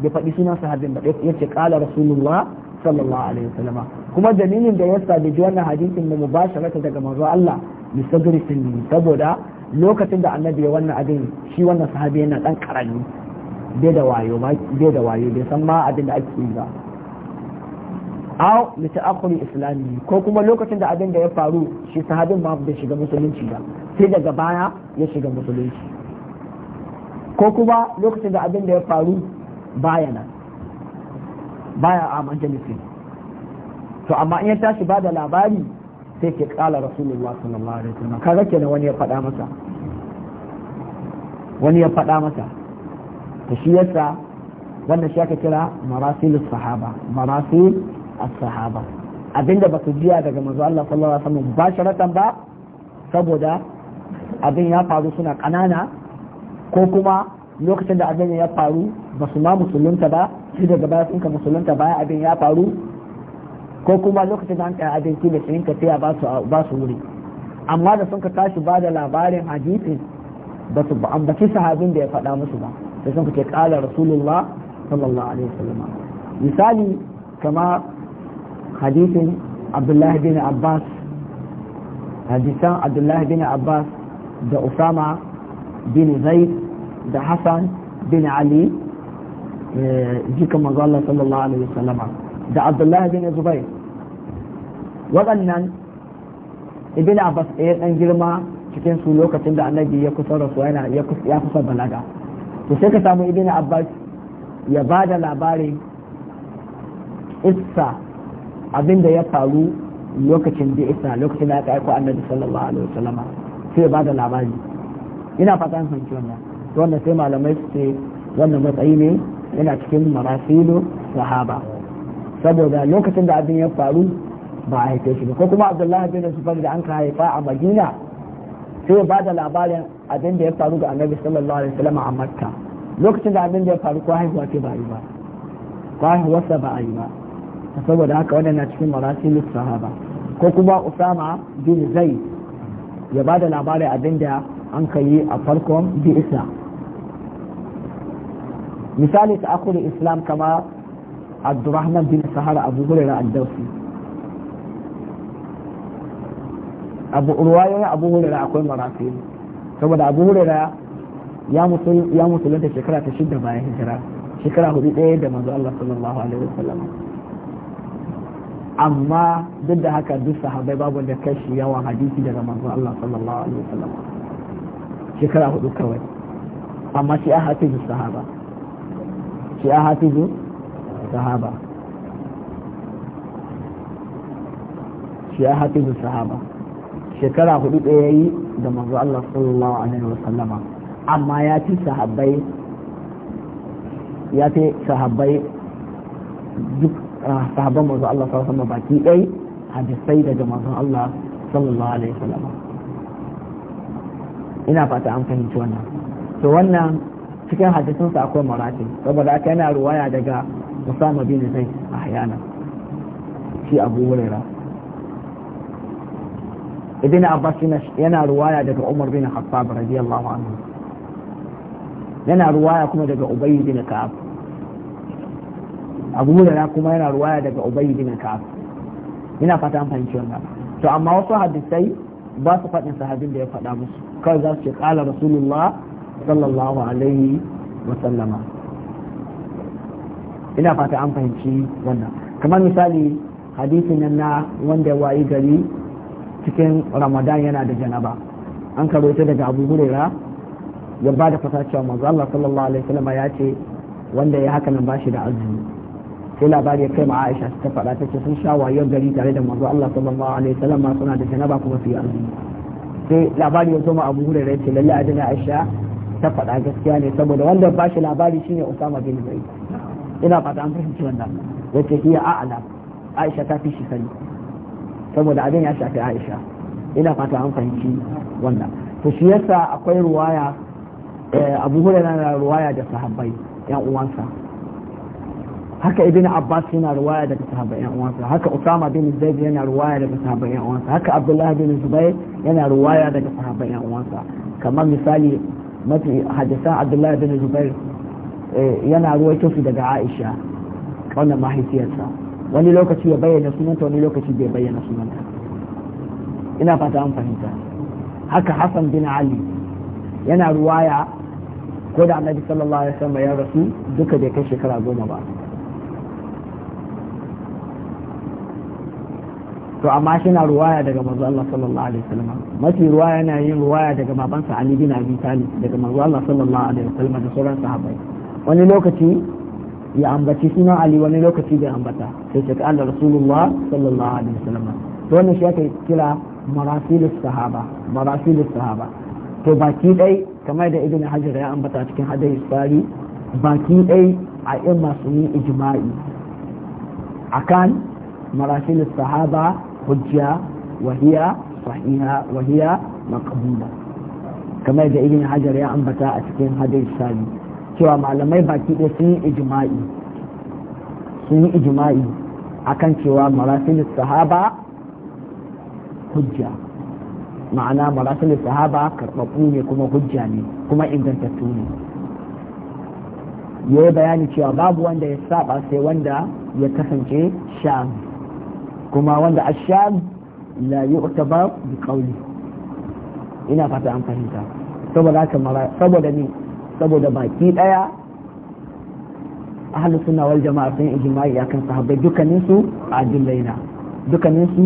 bai faɗi sunan sahabin ba ya ce kala rasulullah sallallahu alaihi wasallama kuma dalilin da ya da ji wannan hadisin da mubasharata daga manzo Allah misagri sunni saboda lokacin da annabi ya wannan abin shi wannan sahabi yana dan karami bai da wayo bai da wayo bai san ma abin da ake yi ba aw li ta'akhuri islami ko kuma lokacin da abin da ya faru shi sahabin ma bai shiga musulunci ba sai daga baya ya shiga musulunci ko kuma lokacin da abin da ya faru baya nan baya a majalisin to amma in ya tashi ba da labari sai ke kala rasulullah sallallahu alaihi wasallam kaga kenan wani ya faɗa masa wani ya faɗa masa to shi yasa wannan shi aka kira marasil sahaba marasil as-sahaba abinda ba su jiya daga manzo Allah sallallahu alaihi wasallam sharatan ba saboda abin ya faru suna kanana ko kuma lokacin da abin ya faru ba su ma musulunta ba shi daga baya sun ka musulunta baya abin ya faru ko kuma lokacin da an tsaya abin kila sun ka tsaya ba su wuri amma da sun ka tashi ba da labarin hadisi ba su ba ambaci sahabin da ya faɗa musu ba sai sun ce kala rasulullah sallallahu alaihi wasallam misali kama hadisin abdullahi bin abbas hadisan abdullahi bin abbas da usama bin zaid da Hassan bin Ali eh, jikin manzo Allah sallallahu alaihi wasallama da Abdullahi bin Zubair waɗannan Ibn Abbas ɗaya ɗan girma cikin su lokacin da annabi ya kusa rasu yana ya kusa balaga to sai ka samu Ibn Abbas ya ba da labarin isa abin da ya faru lokacin da isa lokacin da aka aiko annabi sallallahu alaihi wasallama sai ya ba da labari ina fatan san wannan wannan sai malamai su ce wannan matsayi ne yana cikin marasilu sahaba saboda lokacin da abin ya faru ba a haife shi ba ko kuma abdullahi bin zubair da an ka haifa a madina sai ba da labarin abin da ya faru ga annabi sallallahu alaihi wasallam a makka lokacin da abin da ya faru ko haihuwa ce ba yi ba ko haihuwarsa ba a yi ba saboda haka wannan na cikin marasilu sahaba ko kuma usama bin zaid ya ba da labarin abin da an ka yi a farkon bi isa misali ta akuri islam kama abdurrahman bin sahara abu hurera addausi abu ruwayoyin abu hurera akwai marafi saboda abu hurera ya musulunta shekara ta shidda bayan hijira shekara hudu ɗaya da manzo Allah sallallahu alaihi wasallam amma duk da haka duk sahabai babu da kashi yawan hadisi daga manzo Allah sallallahu alaihi wasallam shekara hudu kawai amma shi a hafi sahaba ce ya hafizu sahaba shi ya hafizu sahaba shekara hudu ɗaya ya yi da manzo Allah sallallahu alaihi wa sallama amma ya ci sahabbai ya fi sahabbai duk sahabban manzo Allah sallallahu alaihi wa baki ɗai hadisai daga manzo Allah sallallahu alaihi wa sallama ina fata an fahimci wannan to wannan cikin hadisinsa akwai marati saboda aka yana ruwaya daga musamman bin a hayana shi Abu Hurairah idan Abbas yana ruwaya daga Umar bin Khattab radiyallahu anhu yana ruwaya kuma daga Ubayy bin Ka'ab Abu Hurairah kuma yana ruwaya daga Ubayy bin Ka'ab ina fata an fahimci wannan to amma wasu hadisai ba su faɗin sahabin da ya faɗa musu kawai za su ce ƙala rasulullah sallallahu alaihi wa sallama ina fata an fahimci wannan kamar misali hadisin nan na wanda ya wayi gari cikin ramadan yana da janaba an karo karoita daga abu hurera ya ba da fata cewa manzo Allah sallallahu alaihi wasallam ya ce wanda ya haka nan shi da azumi sai labari ya kai ma Aisha ta faɗa ta ce sun sha wayar gari tare da manzo Allah sallallahu alaihi wasallam suna da janaba kuma su yi azumi sai labari ya zo ma Abu Hurairah ya ce lalle a Aisha ta faɗa gaskiya ne saboda wanda ba shi labari shine Usama bin Zaid ina fata an fahimci wannan wace hiya a'la Aisha ta fi shi sani saboda abin ya shafi Aisha ina fata an fahimci wannan to shi yasa akwai ruwaya eh, Abu Hurairah na ruwaya da sahabbai yan uwansa haka ibn abbas yana ruwaya daga sahabbai yan uwansa haka usama bin zaid yana ruwaya daga sahabbai yan uwansa haka abdullahi bin zubair yana ruwaya daga sahabbai yan uwansa kamar misali mafi hadisan abdullahi bin zubair eh, yana ruwaito su daga aisha wannan mahaifiyarsa wani lokaci ya bayyana sunanta wani lokaci bai bayyana sunanta ina fata an fahimta haka hassan bin ali yana ruwaya ko da annabi sallallahu alaihi wasallam ya rasu duka bai kai shekara goma ba to amma shi na ruwaya daga manzo Allah sallallahu alaihi wasallam mafi ruwaya yana yin ruwaya daga babansa Ali bin Abi Talib daga manzo Allah sallallahu alaihi wasallam da sauran sahabbai wani lokaci ya ambaci suna Ali wani lokaci bai ambata sai ce Allah Rasulullah sallallahu alaihi wasallam to wannan shi ake kira marasilus sahaba marasilus sahaba to baki dai kamar da ibn hajar ya ambata cikin hadis bari baki dai a yin masu ijma'i akan marasilus sahaba hujja wahiya sahiha wahiya kamar da irin hajar ya ambata a cikin hadith sani cewa malamai baki da sun yi ijma'i sun yi ijma'i akan cewa marasil sahaba hujja ma'ana marasil sahaba karɓaɓɓu ne kuma hujja ne kuma ingantattu ne ya yi bayani cewa babu wanda ya saba sai wanda ya kasance shami kuma wanda asham la yu'taba bi qawli ina fata an fahimta saboda haka saboda ni saboda baki daya ahlus sunna wal jama'a sun ijma'i akan sahabbai dukkanin su adillaina dukkanin su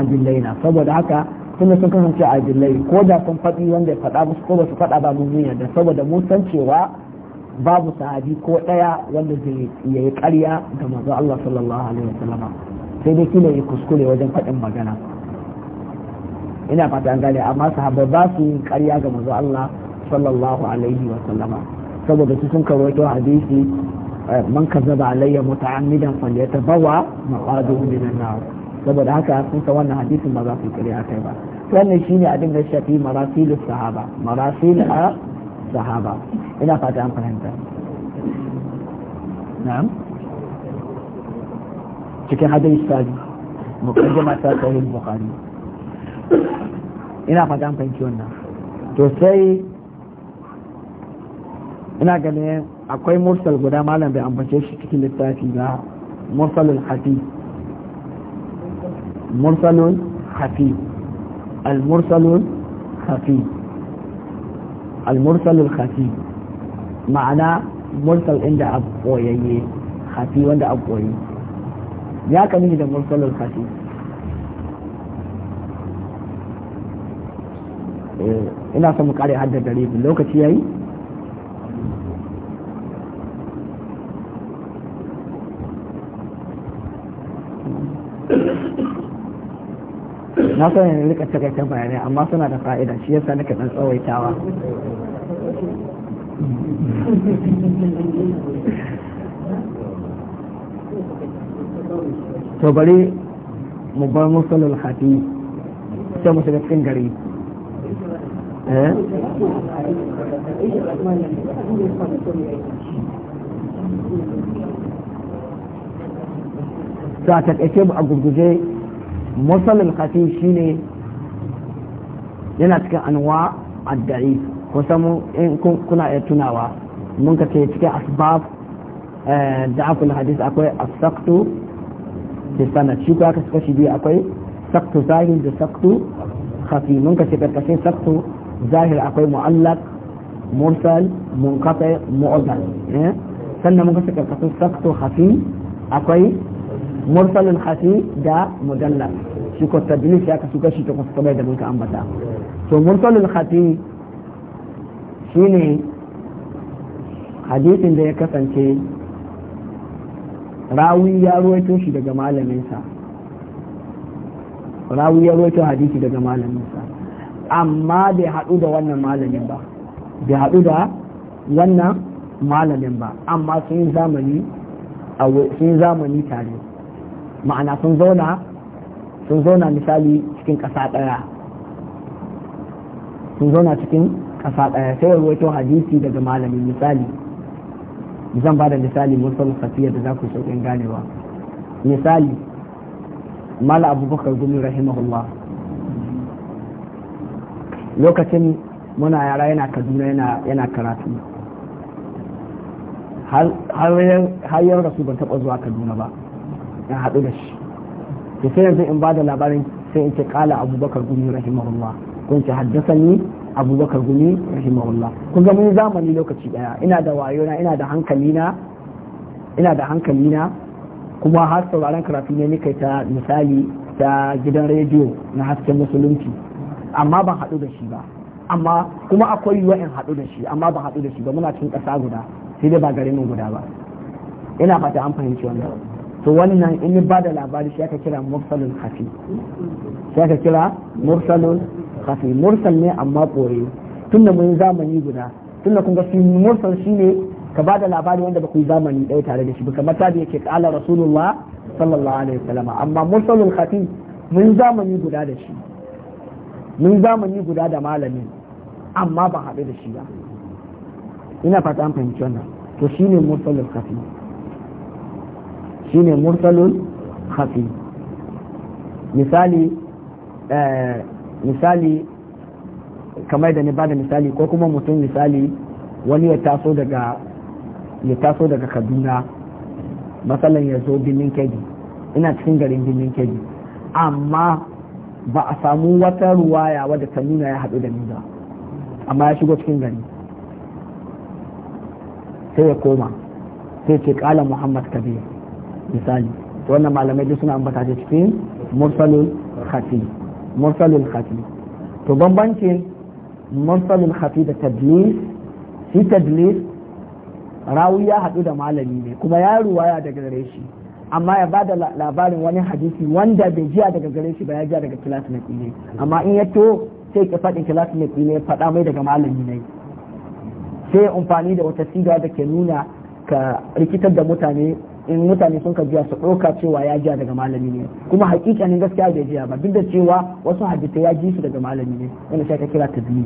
adillaina saboda haka tunda sun kasance adillai ko da sun faɗi wanda ya faɗa musu ko ba su faɗa ba mun yadda saboda mun san cewa babu sahabi ko ɗaya wanda zai yi ƙarya ga manzo Allah sallallahu alaihi wasallama sai dai kila ya kuskure wajen faɗin magana ina fata an gane amma sahabbai ba su yin ƙarya ga mazu Allah sallallahu alaihi wa sallama saboda su sun karwaito hadisi eh, man ka kazzaba alayya muta'ammidan falyatabawa maqaduhu minan nar saboda haka sun san wannan hadisin ba za su ƙarya kai ba wannan shine a dinga shafi marasil sahaba marasil sahaba ina fata an fahimta na'am cikin hadis sabi mukaddima ta sahih bukhari ina fata an fahimci wannan to sai ina ganin akwai mursal guda malam bai ambace shi cikin littafi ba mursalul hafi mursalul hafi al-mursalul hafi al-mursalul hafi ma'ana mursal inda abu koyayye hafi wanda abu koyayye ya kami da mursalul fati eh, ina son mu kare haddar dare lokaci ya yi na son ne rika takaitar bayanai amma suna da fa'ida shi yasa nake dan tsawaitawa to bari mu ba musulul hadi sai mu shiga cikin gari eh ta a mu a gurguje musulul hadi shine yana cikin anwa ko samu in kuna iya tunawa mun ka ce cikin asbab eh, da akul hadis akwai asaktu fi shi ko aka kashi biyu akwai saktu zahir da saktu khafi mun kace karkashin saktu zahir akwai mu'allaq mursal munqati mu'dal eh? sannan mun kace karkashin saktu khafi akwai mursalin khafi da mudallal shi ko tadlis ya kasu kashi ta kusa da mun ka ambata to mursalin khafi shine hadisin da ya kasance rawi ya ruwaito shi daga malaminsa rawi ya ruwaito hadisi daga malaminsa amma bai haɗu da wannan malamin ba bai haɗu da wannan malamin ba amma sun zamani sun zamani tare ma'ana sun zauna sun zauna misali cikin ƙasa ɗaya sun zauna cikin ƙasa ɗaya sai ruwaito hadisi daga malamin misali zan ba da misali musul khafiyya da za ku sauƙin ganewa misali mala abubakar gumi rahimahullah lokacin muna yara yana kaduna yana karatu har yau rasu ban taɓa zuwa kaduna ba Ya haɗu da shi da sai yanzu in ba da labarin sai in ce kala abubakar gumi rahimahullah kun ce haddasa ni abubakar gumi rahimahullah kun ga mun zamani lokaci daya ina da wayona ina da hankalina ina da hankalina kuma har sauraron karatu ne nika ta misali ta gidan rediyo na hasken musulunci amma ban haɗu da shi ba amma kuma akwai yiwuwa in haɗu da shi amma ban haɗu da shi ba muna cikin ƙasa guda sai dai ba garin mu guda ba ina fata an fahimci wannan to wannan in ba da labari shi aka kira mursalul hafi shi aka kira mursalul kafin mursal ne amma ɓoye tun da mun zamani guda tun da sun ga shi ne shine ka ba da labari wanda ba ku yi zamani ɗaya tare da shi ba kamar tabi yake kala rasulullah sallallahu alaihi wasallam amma mursalul khafi mun zamani guda da shi mun zamani guda da malamin amma ba haɗu da shi ba ina fata an fahimci wannan to shine mursalul khafi shine mursalul khafi misali eh, misali kamar da ni ba da misali ko kuma mutum misali wani ya taso daga kaduna matsalan ya zo birnin keji ina cikin garin birnin keji amma ba a samu wata ruwaya wadda ta nuna ya haɗu da ni ba amma ya shigo cikin gari sai ya koma sai ce kala muhammad kabir misali wannan malamai duk suna ambata cikin mursalul khatib mursalul khafi to bambancin mursalul khafi da tadlis shi tadlis rawi ya haɗu da malami ne kuma ya ruwaya daga gare shi amma ya bada labarin wani hadisi wanda bai jiya daga gare shi ba ya jiya daga na ne amma in ya to sai ki faɗin na ne faɗa mai daga malami ne sai amfani da wata siga da ke nuna ka rikitar da mutane in mutane sun ka jiya su ɗauka cewa ya jiya daga malami ne kuma hakikanin gaskiya bai jiya ba duk da cewa wasu hadisai ya ji su daga malami ne wanda sai ka kira tadlis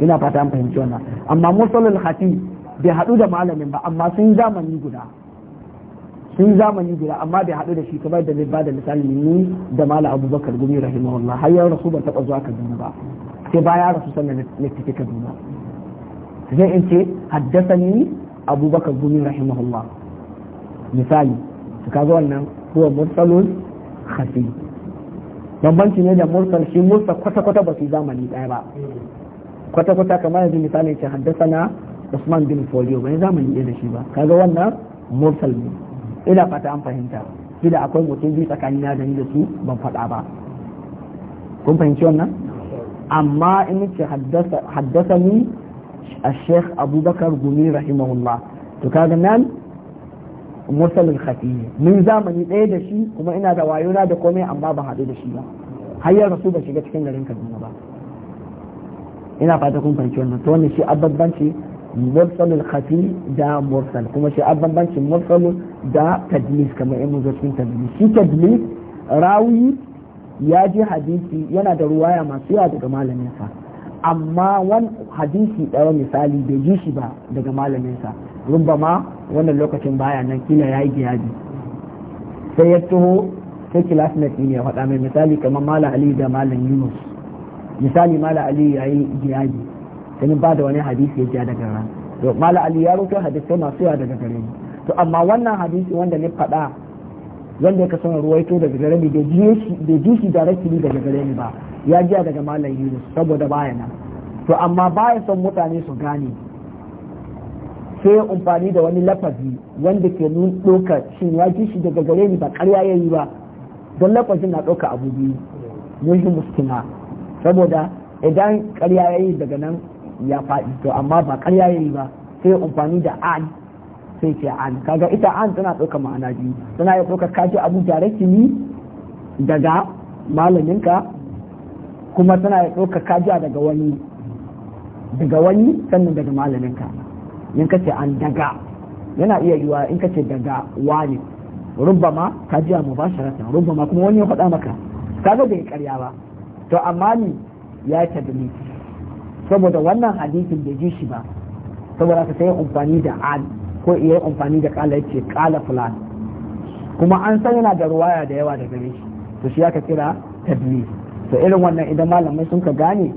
ina fata an fahimci wannan amma musallin hafi bai haɗu da malamin ba amma sun zamani guda sun zamani guda amma bai haɗu da shi kamar da zai ba da misali ni da mala abubakar gumi rahimahullah har yau rasu ban taɓa zuwa kaduna ba sai baya rasu sannan na tafi kaduna zai in ce haddasa ni abubakar gumi rahimahullah misali su kaga wannan huwa mursalun khafi bambanci ne da mursal shi mursal kwata-kwata ba su zamani ɗaya ba kwata-kwata kamar yanzu misali ce haddasa na Usman bin Folio ba zamani ɗaya da shi ba kaga wannan mursal ne ina fata an fahimta shi da akwai mutum biyu tsakanina da ni da su ban faɗa ba kun fahimci wannan amma in ce haddasa ni a sheikh abubakar gumi rahimahullah to kaga nan mursalin khafiyyi mun zamani ɗaya da shi kuma ina da wayona da komai amma ba haɗu da shi ba har ya rasu ba shiga cikin garin Kaduna ba ina fata kun fahimci wannan to wannan shi abbanbanci mursalul khafi da mursal kuma shi abbanbanci mursal da tadlis kamar in mun zo cikin tadlis shi tadlis rawi ya ji hadisi yana da ruwaya masu yawa daga malamin sa amma wani hadisi ɗaya misali bai ji shi ba daga malaminsa ma wannan lokacin baya nan kila ya yi giyabi sai ya tuho sai classmate ne ya faɗa mai misali kamar malam ali da malam yunus misali malam ali ya yi giyabi sai ba da wani hadisi ya ja daga ran to malam ali ya rufe hadisai masu yawa daga gare ni to amma wannan hadisi wanda ne faɗa wanda ya kasance ruwaito daga gare ni bai ji shi directly daga gare ni ba ya jiya daga malam Yunus saboda baya nan to amma baya son mutane su gane sai ya umfani da wani lafazi wanda ke nun ɗauka shi ya ji shi daga gare ni ba karya ya yi ba don lafazin na ɗauka abu biyu mun shi muskina saboda idan karya ya yi daga nan ya faɗi to amma ba karya ya yi ba sai ya umfani da an sai ce an kaga ita an tana ɗauka ma'ana biyu tana ya ɗauka kaji abu tare ni daga malaminka kuma tana ɗauka kajiya daga wani daga wani sannan daga malaminka in ka ce an daga yana iya yiwa in ka ce daga wani rubama kajiya mu ba sharatan rubama kuma wani ya faɗa maka kaga bai karya ba to amma ni ya ta tadmi saboda wannan hadisin bai ji shi ba saboda ka sai amfani da al ko iya amfani da kala yace kala fulan kuma an san yana da ruwaya da yawa daga gare shi to shi aka kira tadlis to irin wannan idan malamai sun ka gane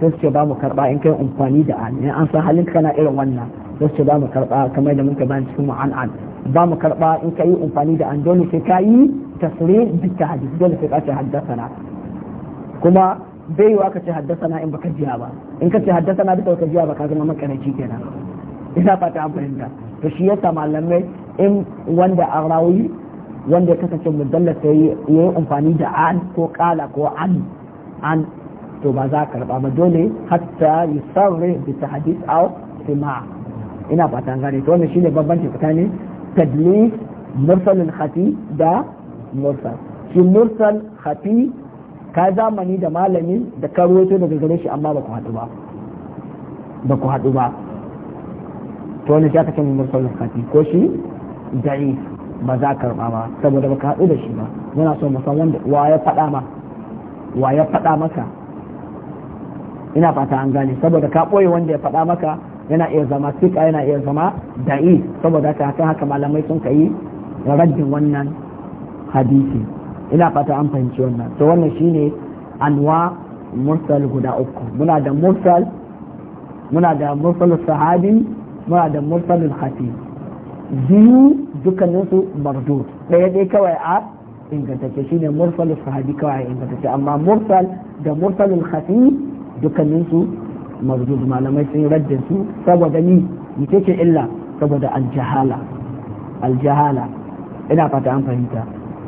sai su ce ba mu karba in kai amfani da an in an san halin kana irin wannan sai su ce ba mu karba kamar da muka bayan cikin mu'an'an ba mu karba in kai amfani da an dole sai ka yi tasri bi tahdid dole sai ka ce haddasana kuma bai yiwa ka ce haddasana in baka jiya ba in ka ce haddasana duka baka jiya ba ka zama makaraci kenan ina fata an fahimta to shi yasa malamai in wanda a rawi wanda ya kasance mujallad ta yi amfani da an ko kala ko an an to ba za a karba ba dole hatta yi sarri bi hadis aw sima ina ta gane to wannan shine bambanci tsakanin tadlis mursalin khati da mursal shi mursal khati ka zamani da malami da ka ruwaito daga gare shi amma ba ku haɗu ba ba ku haɗu ba to wani shi aka ce mursalin khati ko shi da'if ba za karɓa ba saboda baka haɗu da shi ba muna so mu san wanda wa ya faɗa ma wa ya faɗa maka ina fata an gane saboda ka ɓoye wanda ya faɗa maka yana iya zama sika yana iya zama da'i saboda ka haka haka malamai sun kai raddin wannan hadisi ina fata an fahimci wannan to wannan shine anwa mursal guda uku muna da mursal muna da mursal sahabi muna da mursal khatib biyu dukkaninsu mardu ɗaya dai kawai a ingantacce shine mursal sahabi kawai ingantacce amma mursal da mursalul khafi dukkaninsu mardu malamai sun raddin su saboda ni yi ce illa saboda aljahala aljahala ina fata an fahimta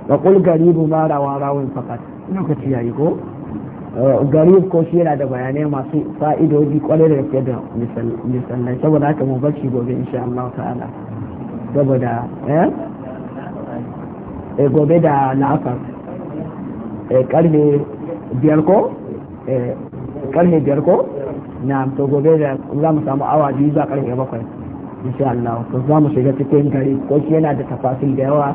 wa kul garibu ma rawa rawin fakat lokaci yi ko uh, garib ko shi yana da bayanai masu fa'idodi kwarai da gaske da misalai saboda haka mu bar shi gobe insha Allah ta'ala saboda eh? eh gobe da la'asar eh, karni biyar ko eh, na to gobe da za mu samu awa biyu za karni bakwai insha Allah to za mu shiga cikin gari ko shi yana da tafasil da yawa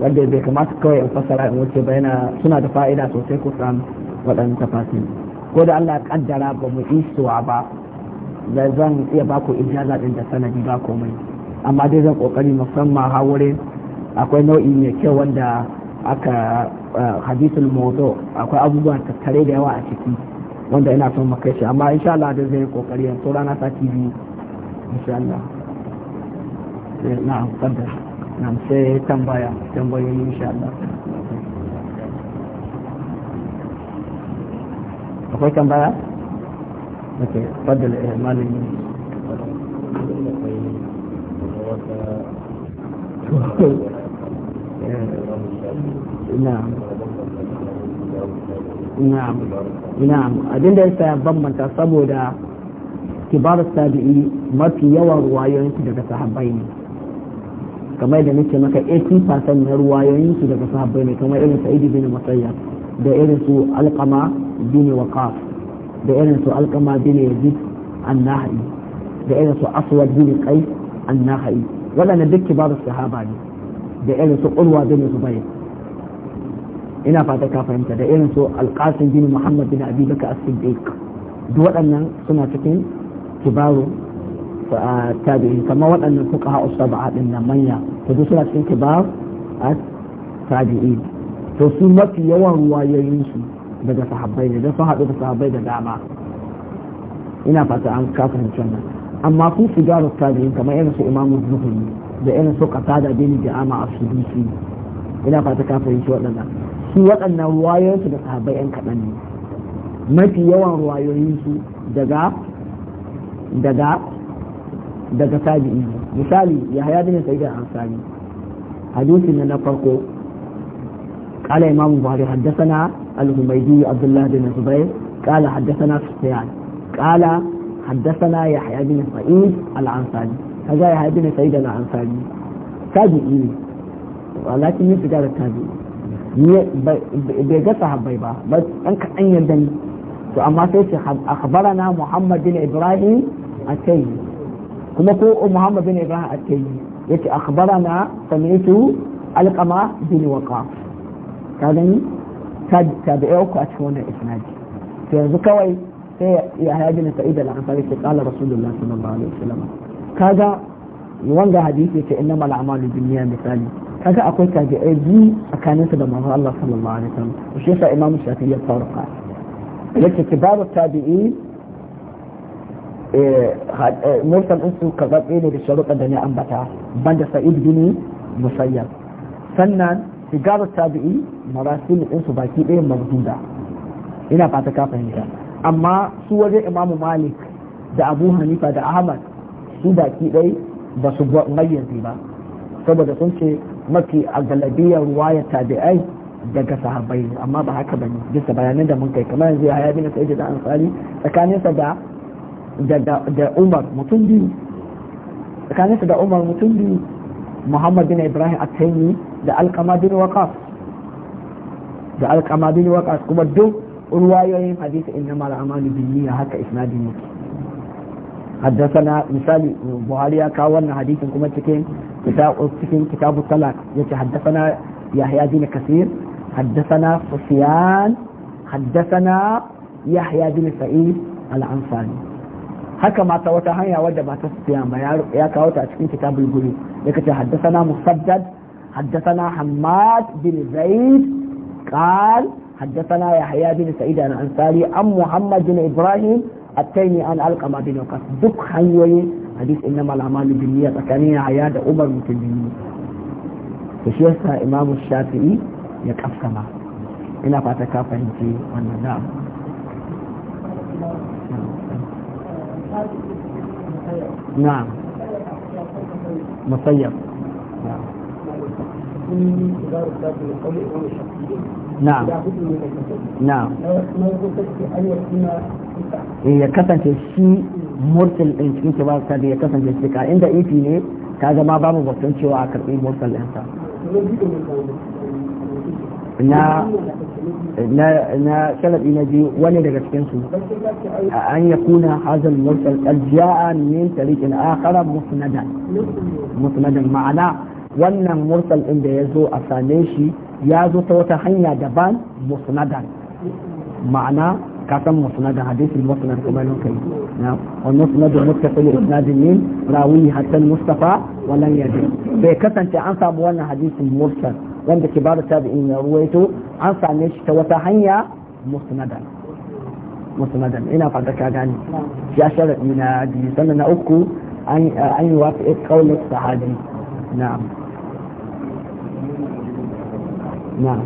wanda bai kamata kawai in fasara in wuce ba yana suna da fa'ida sosai ku samu waɗannan tafasil ko da Allah kaddara ba mu isuwa ba zan iya baku ijaza din da sanadi ba komai amma dai zan kokari musamman ha wurin akwai nau'i mai kyau wanda aka eh, hadisul mawdu akwai abubuwan tattare da yawa a ciki wanda ina son mu kai shi amma insha Allah da zai kokari tura na sati bi insha Allah eh, na'am fadda na sai tambaya tambayoyi insha Allah akwai tambaya okay fadda eh, malami na'am na'am na'am abinda yasa bambanta saboda kibar tabi'i mafi yawan su daga sahabbai ne kamar da nake maka 80% na su daga sahabbai ne kamar irin sa'idi bin musayya da irin su alqama bin waqaf da irin su alqama bin yazid an nahi da irin su aswad bin qais annahai waɗanda duk kibarun sahaba ne da irin su ƙurwa bin zubair ina fata ka fahimta da irin su alƙasin bin muhammad bin abi baka as-siddiq duk waɗannan suna cikin kibaru tabi'in kamar waɗannan suka ha'u saba'a ɗin nan manya to duk suna cikin kibar tabi'in to su mafi yawan ruwayoyin su daga sahabbai ne da sun haɗu da sahabbai da dama ina fata an ka fahimci wannan amma ku su gyara tabi'in kamar irin su imamu zuhuri da irin su qatada bin a su sudusi ina fata ka fahimci waɗannan su waɗannan ruwayoyinsu da sahabbai yan kaɗan ne mafi yawan ruwayoyinsu daga daga daga tabi'i misali yahya bin sa'id al-ansari hadisin na farko قال إمام البخاري حدثنا الهميدي عبد الله بن زبير قال حدثنا سفيان قال حدثنا يحيى بن سعيد العنصاري هذا يحيى بن سعيد العنصاري تابعي ولكن يفي قال التابعي bai ga ba ba an kaɗan yarda to amma sai ce akhbarana Muhammad bin Ibrahim akai kuma ko Muhammad bin Ibrahim akai yace akhbarana sami'tu alqama bin waqa ka gani cikin wannan to yanzu kawai sai ya haya bin sa'id al-ansari rasulullahi sallallahu alaihi wasallam kaga wanga hadisi ce inna mal a'malu misali kaga akwai tabi'ai bi tsakanin su da manzo Allah sallallahu alaihi wasallam shi yasa imamu shafi'i ya farka yake kibaru tabi'i eh, eh, mursal din su ne da sharuɗa da ne ambata banda sa'id bin musayyab sannan kibaru tabi'i marasil din su baki ɗaya mabduda ina fata ka fahimta amma su waje imamu malik da abu hanifa da ahmad su baki ɗai ba su mayyazi ba saboda sun ce mafi a galabiyar ruwayar tabi'ai daga sahabbai amma ba haka bane bisa bayanan da mun kai kamar yanzu ya bin sai da ansari tsakaninsa da da Umar mutum biyu tsakaninsa da Umar mutum biyu Muhammad bin Ibrahim At-Taymi da Alqama bin Waqas da Alqama bin Waqas kuma duk ruwayoyin hadisi inna mal amalu bin haka isnadin yake حدثنا مثال بخاري كاونا حديث كما تكين كتاب تكين كتاب الطلاق يتحدثنا يحيى بن كثير حدثنا سفيان حدثنا يحيى بن سعيد الأنصاري haka mata wata hanya wadda ba ta ya kawo a cikin kitabul guri yake ce haddathana musaddad haddathana hammad bin zaid حدثنا يحيى بن سعيد الأنصاري عن محمد بن إبراهيم التيمي عن علقمة بن وقاص دك حيوي حديث إنما الأعمال بالنية تكاني يحيى ده عمر متبيني فشيخ إمام الشافعي يكفكما ina انا ka fahimci wannan نعم na'am musayyab na'am نعم نعم إيه، هي كفن تشي مرسل انت انت بس هذه كفن تشي كا عند اي في لي كذا ما بابو بطن شو اكر اي مرسل انت نا نا نا سلب ينجي ولا لغت كنسو ان يكون هذا المرسل الجاء من طريق اخر مسندا مسندا معناه wannan mursal ɗin da ya zo a same shi ya zo ta wata hanya daban musnadan ma'ana kasan musnadan hadisi musnad kuma nan kai na wa musnad muttasil isnadin min rawi hatta mustafa wannan yadda bai kasance an samu wannan hadisin mursal wanda kibaru tabi'in ya ruwaito an same shi ta wata hanya musnadan musnadan ina fata ka gani ya sharadi na biyu sannan na uku an yi wafi ƙaunar sahabi na'am نعم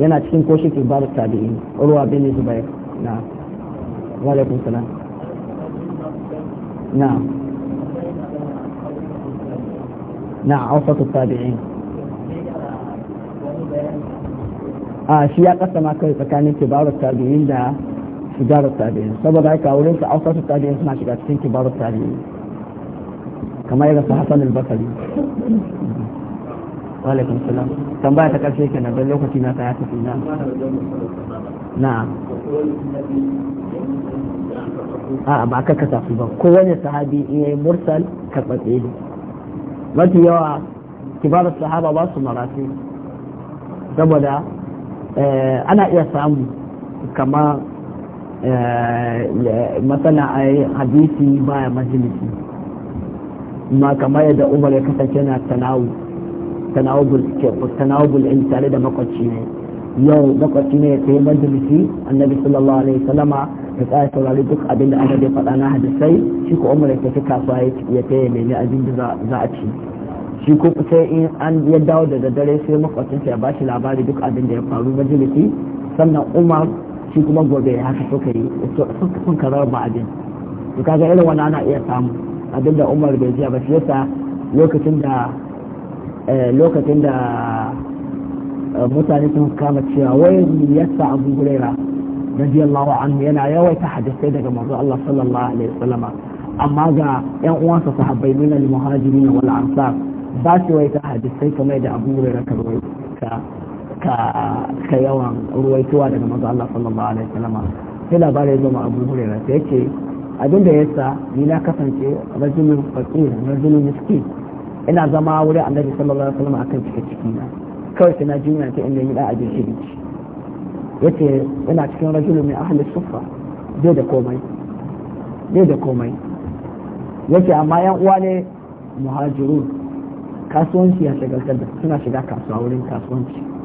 yana cikin koshin kibar tabi'in urwa bin zubair na'am wa alaikum salam na'am نعم awsatu a shi ya kasama kai tsakanin kibarut tabi'in da shigar tabi'in saboda haka wurin su awsatu tabi'in suna shiga cikin kamar irin su Hassan al-Basri wa alaikum salam tambaya ta karshe kenan don lokaci na ta ya tafi na na'am a'a ba ka kasa su ba kowane sahabi in yayi mursal karɓaɓɓe ne mafi yawa kibar sahaba ba su marasi saboda ana iya samu kama matsala a hadisi baya majalisi ma kamar yadda umar ya kasance na tanawubul in tare da makwacci ne yau makwacci ne ya sayi majalisi annabi sallallahu alaihi sallama ya tsaya saurari duk abin da aka faɗa na hadisai shi ko umar ya tafi kasuwa ya taya mai abin da za a ci shi ko sai in an ya dawo da daddare sai makwacinsa ya shi labari duk abin da ya faru majalisi sannan umar shi kuma gobe ya haka suka yi sun karar ba abin to kaga irin wani ana iya samu abinda umar bai jiya ba shi yasa lokacin da eh, lokacin da eh, mutane sun kama cewa wai yasa abu huraira radiyallahu anhu yana ta hadisai daga manzo Allah sallallahu alaihi wasallam amma ga yan uwansa sahabbai min al muhajirin wal ansar ba wai ta hadisai kamar da abu huraira ka ka yawan ruwaituwa daga manzo Allah sallallahu alaihi wasallam sai labarai zama abu huraira sai yake abin ya sa ni na kasance rajulun fakir rajulun miskin ina zama wurin annabi sallallahu alaihi wasallam akan cike ciki na kawai sai na jinya ta inda ni da shi bici yace ina cikin rajulun mai ahli suffa zai da komai zai da komai yace amma yan uwa ne muhajirun kasuwanci ya shagaltar da suna shiga kasuwa wurin kasuwanci